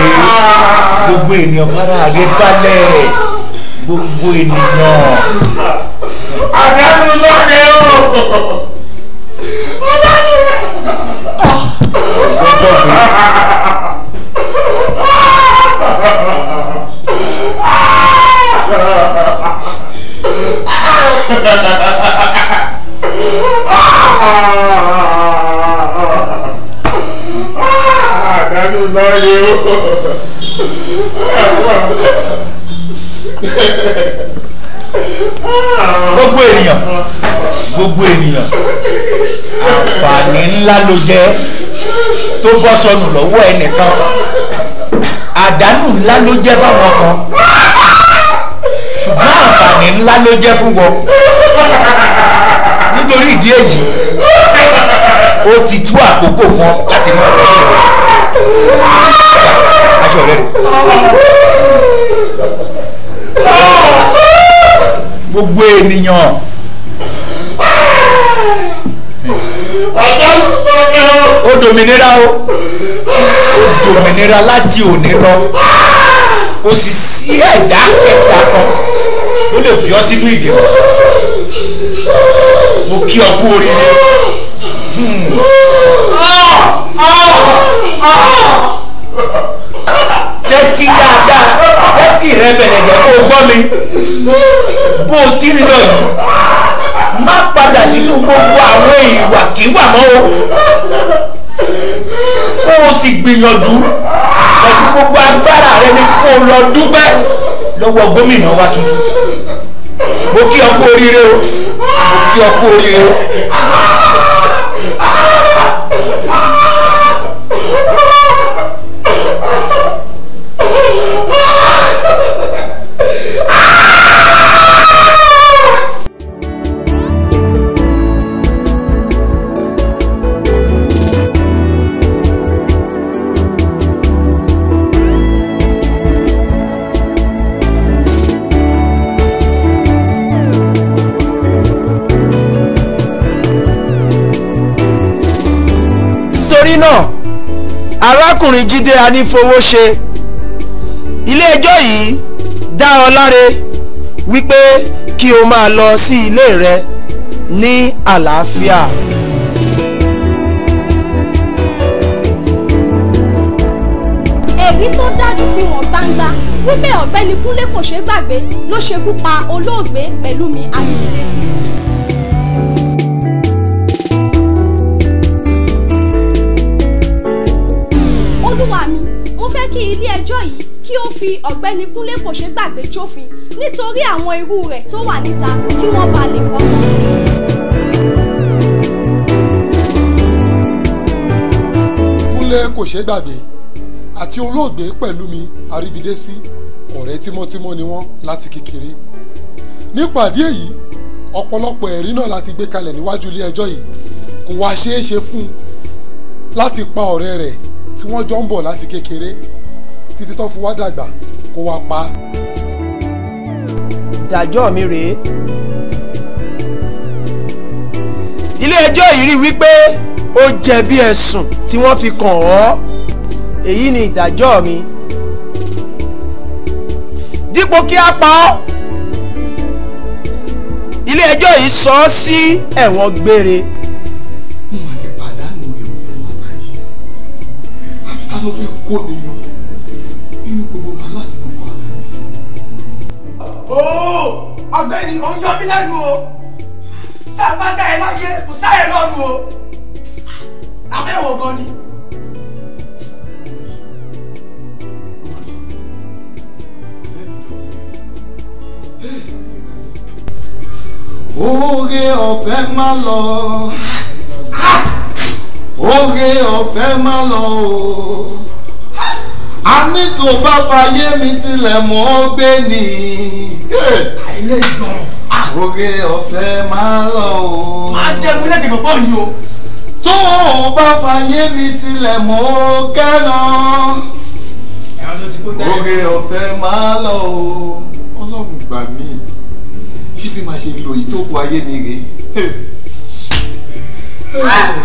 gbogbo ènìyàn fara rẹ balẹ̀ gbogbo ènìyàn. àdánù lọ́rẹ̀ o. ọgbọ́tọ̀ ha ha ha. lọ ni o gbogbo ènìyàn gbogbo ènìyàn àǹfààní ńlá ló jẹ tó bọ́ sọnù lọ́wọ́ ẹnìkan àdánù ńlá ló jẹ́ fáwọn kan ṣùgbọ́n àǹfààní ńlá ló jẹ́ fún wọn nítorí ìdí èyí ó ti tú àkókò fún ọ láti mú ọ̀rọ̀ ṣe aṣọ rẹ gbogbo ènìyàn. ó dominira o ó dominira láti òní lọ kò sì sí ẹ̀dá ẹ̀dá kan ó lè fi ọ́ sínú ìdè mo kí ọ kú oríire. Hmm tẹ́tí dáadáa tẹ́tí rẹ bẹ̀rẹ̀ jẹ́ kó o gbọ́ mi bó o ti rí lọ yìí má padà sínú gbogbo àwọn ìwàkiwà mọ́ o kó o sì gbìyànjú pẹ̀lú gbogbo agbára rẹ ni kó o lọ dúpẹ́ lọ́wọ́ gómìnà wa tuntun mo kí ọ kú oríire o mo kí ọ kú oríire o. arákùnrin Jídé Anífowóṣe ilé-ẹjọ́ yìí dá ọ láre wípé kí o máa lọ sí ilé rẹ ní àlàáfíà. èyí tó dájú fi hàn gbangba wípé ọ̀gbẹ́ni Kúnlé kò ṣeé gbàgbé ló ṣekú pa olóògbé Pẹ̀lúmi Amídélé sí i. kí ilé ẹjọ́ yìí kí ó fi ọ̀gbẹ́ni Kúnlé Kòṣeégbàgbé jófin nítorí àwọn irú rẹ̀ tó wà níta kí wọ́n bá lè kọ́kọ́. Kúnlé Kòṣeégbàgbé àti olóògbé Pẹ̀lúmi Àríbídésí ọ̀rẹ́ tímọ́tímọ́ ni wọ́n láti kékeré nípàdé èyí ọ̀pọ̀lọpọ̀ ẹ̀rí náà láti gbé kalẹ̀ níwájú ilé ẹjọ́ yìí kò wá ṣeé ṣe fún un láti pa ọ̀rẹ́ rẹ̀ tí wọ́n jọ ń bọ̀ láti kékeré títí tó fi wá dàgbà kó wá pa. ìdájọ́ mi rèé ilé-ẹjọ́ yìí rí wípé ó jẹ̀bi ẹ̀sùn tí wọ́n fi kàn ọ́ èyí ni ìdájọ́ mi dípò kí a pa ọ́ ilé-ẹjọ́ yìí sọ ọ́ sí ẹ̀wọ̀n gbére. mo máa ti pàdánù ìròyìn máa bá yìí àtàlọ́bí kò nìyàn nínú gbogbo wa láti kọ́kọ́ ara rẹ̀ sí. ooo ọ̀gbẹ́ni ò ń yọ mí lẹ́nu o sábàtà ẹ láyé kò sáyẹ lọ́rùn o abẹ́wò gan ni. oore ọ̀fẹ́ má lọ oore ọ̀fẹ́ má lọ o àní tó bá fayé mi sílẹ̀ mọ́ gbé ni. ilé ìgbọ̀n. oge ọ̀fẹ́ máa lọ o. máa jẹ́ múlẹ́dì bọ̀bọ̀ yìí o. tó o bá fayé mi sílẹ̀ mọ́ kẹ́nà. oge ọ̀fẹ́ máa lọ o. ọlọ́run gbà mí ṣé bí màá ṣe lo ìtókù ayé mi rèé. Ah!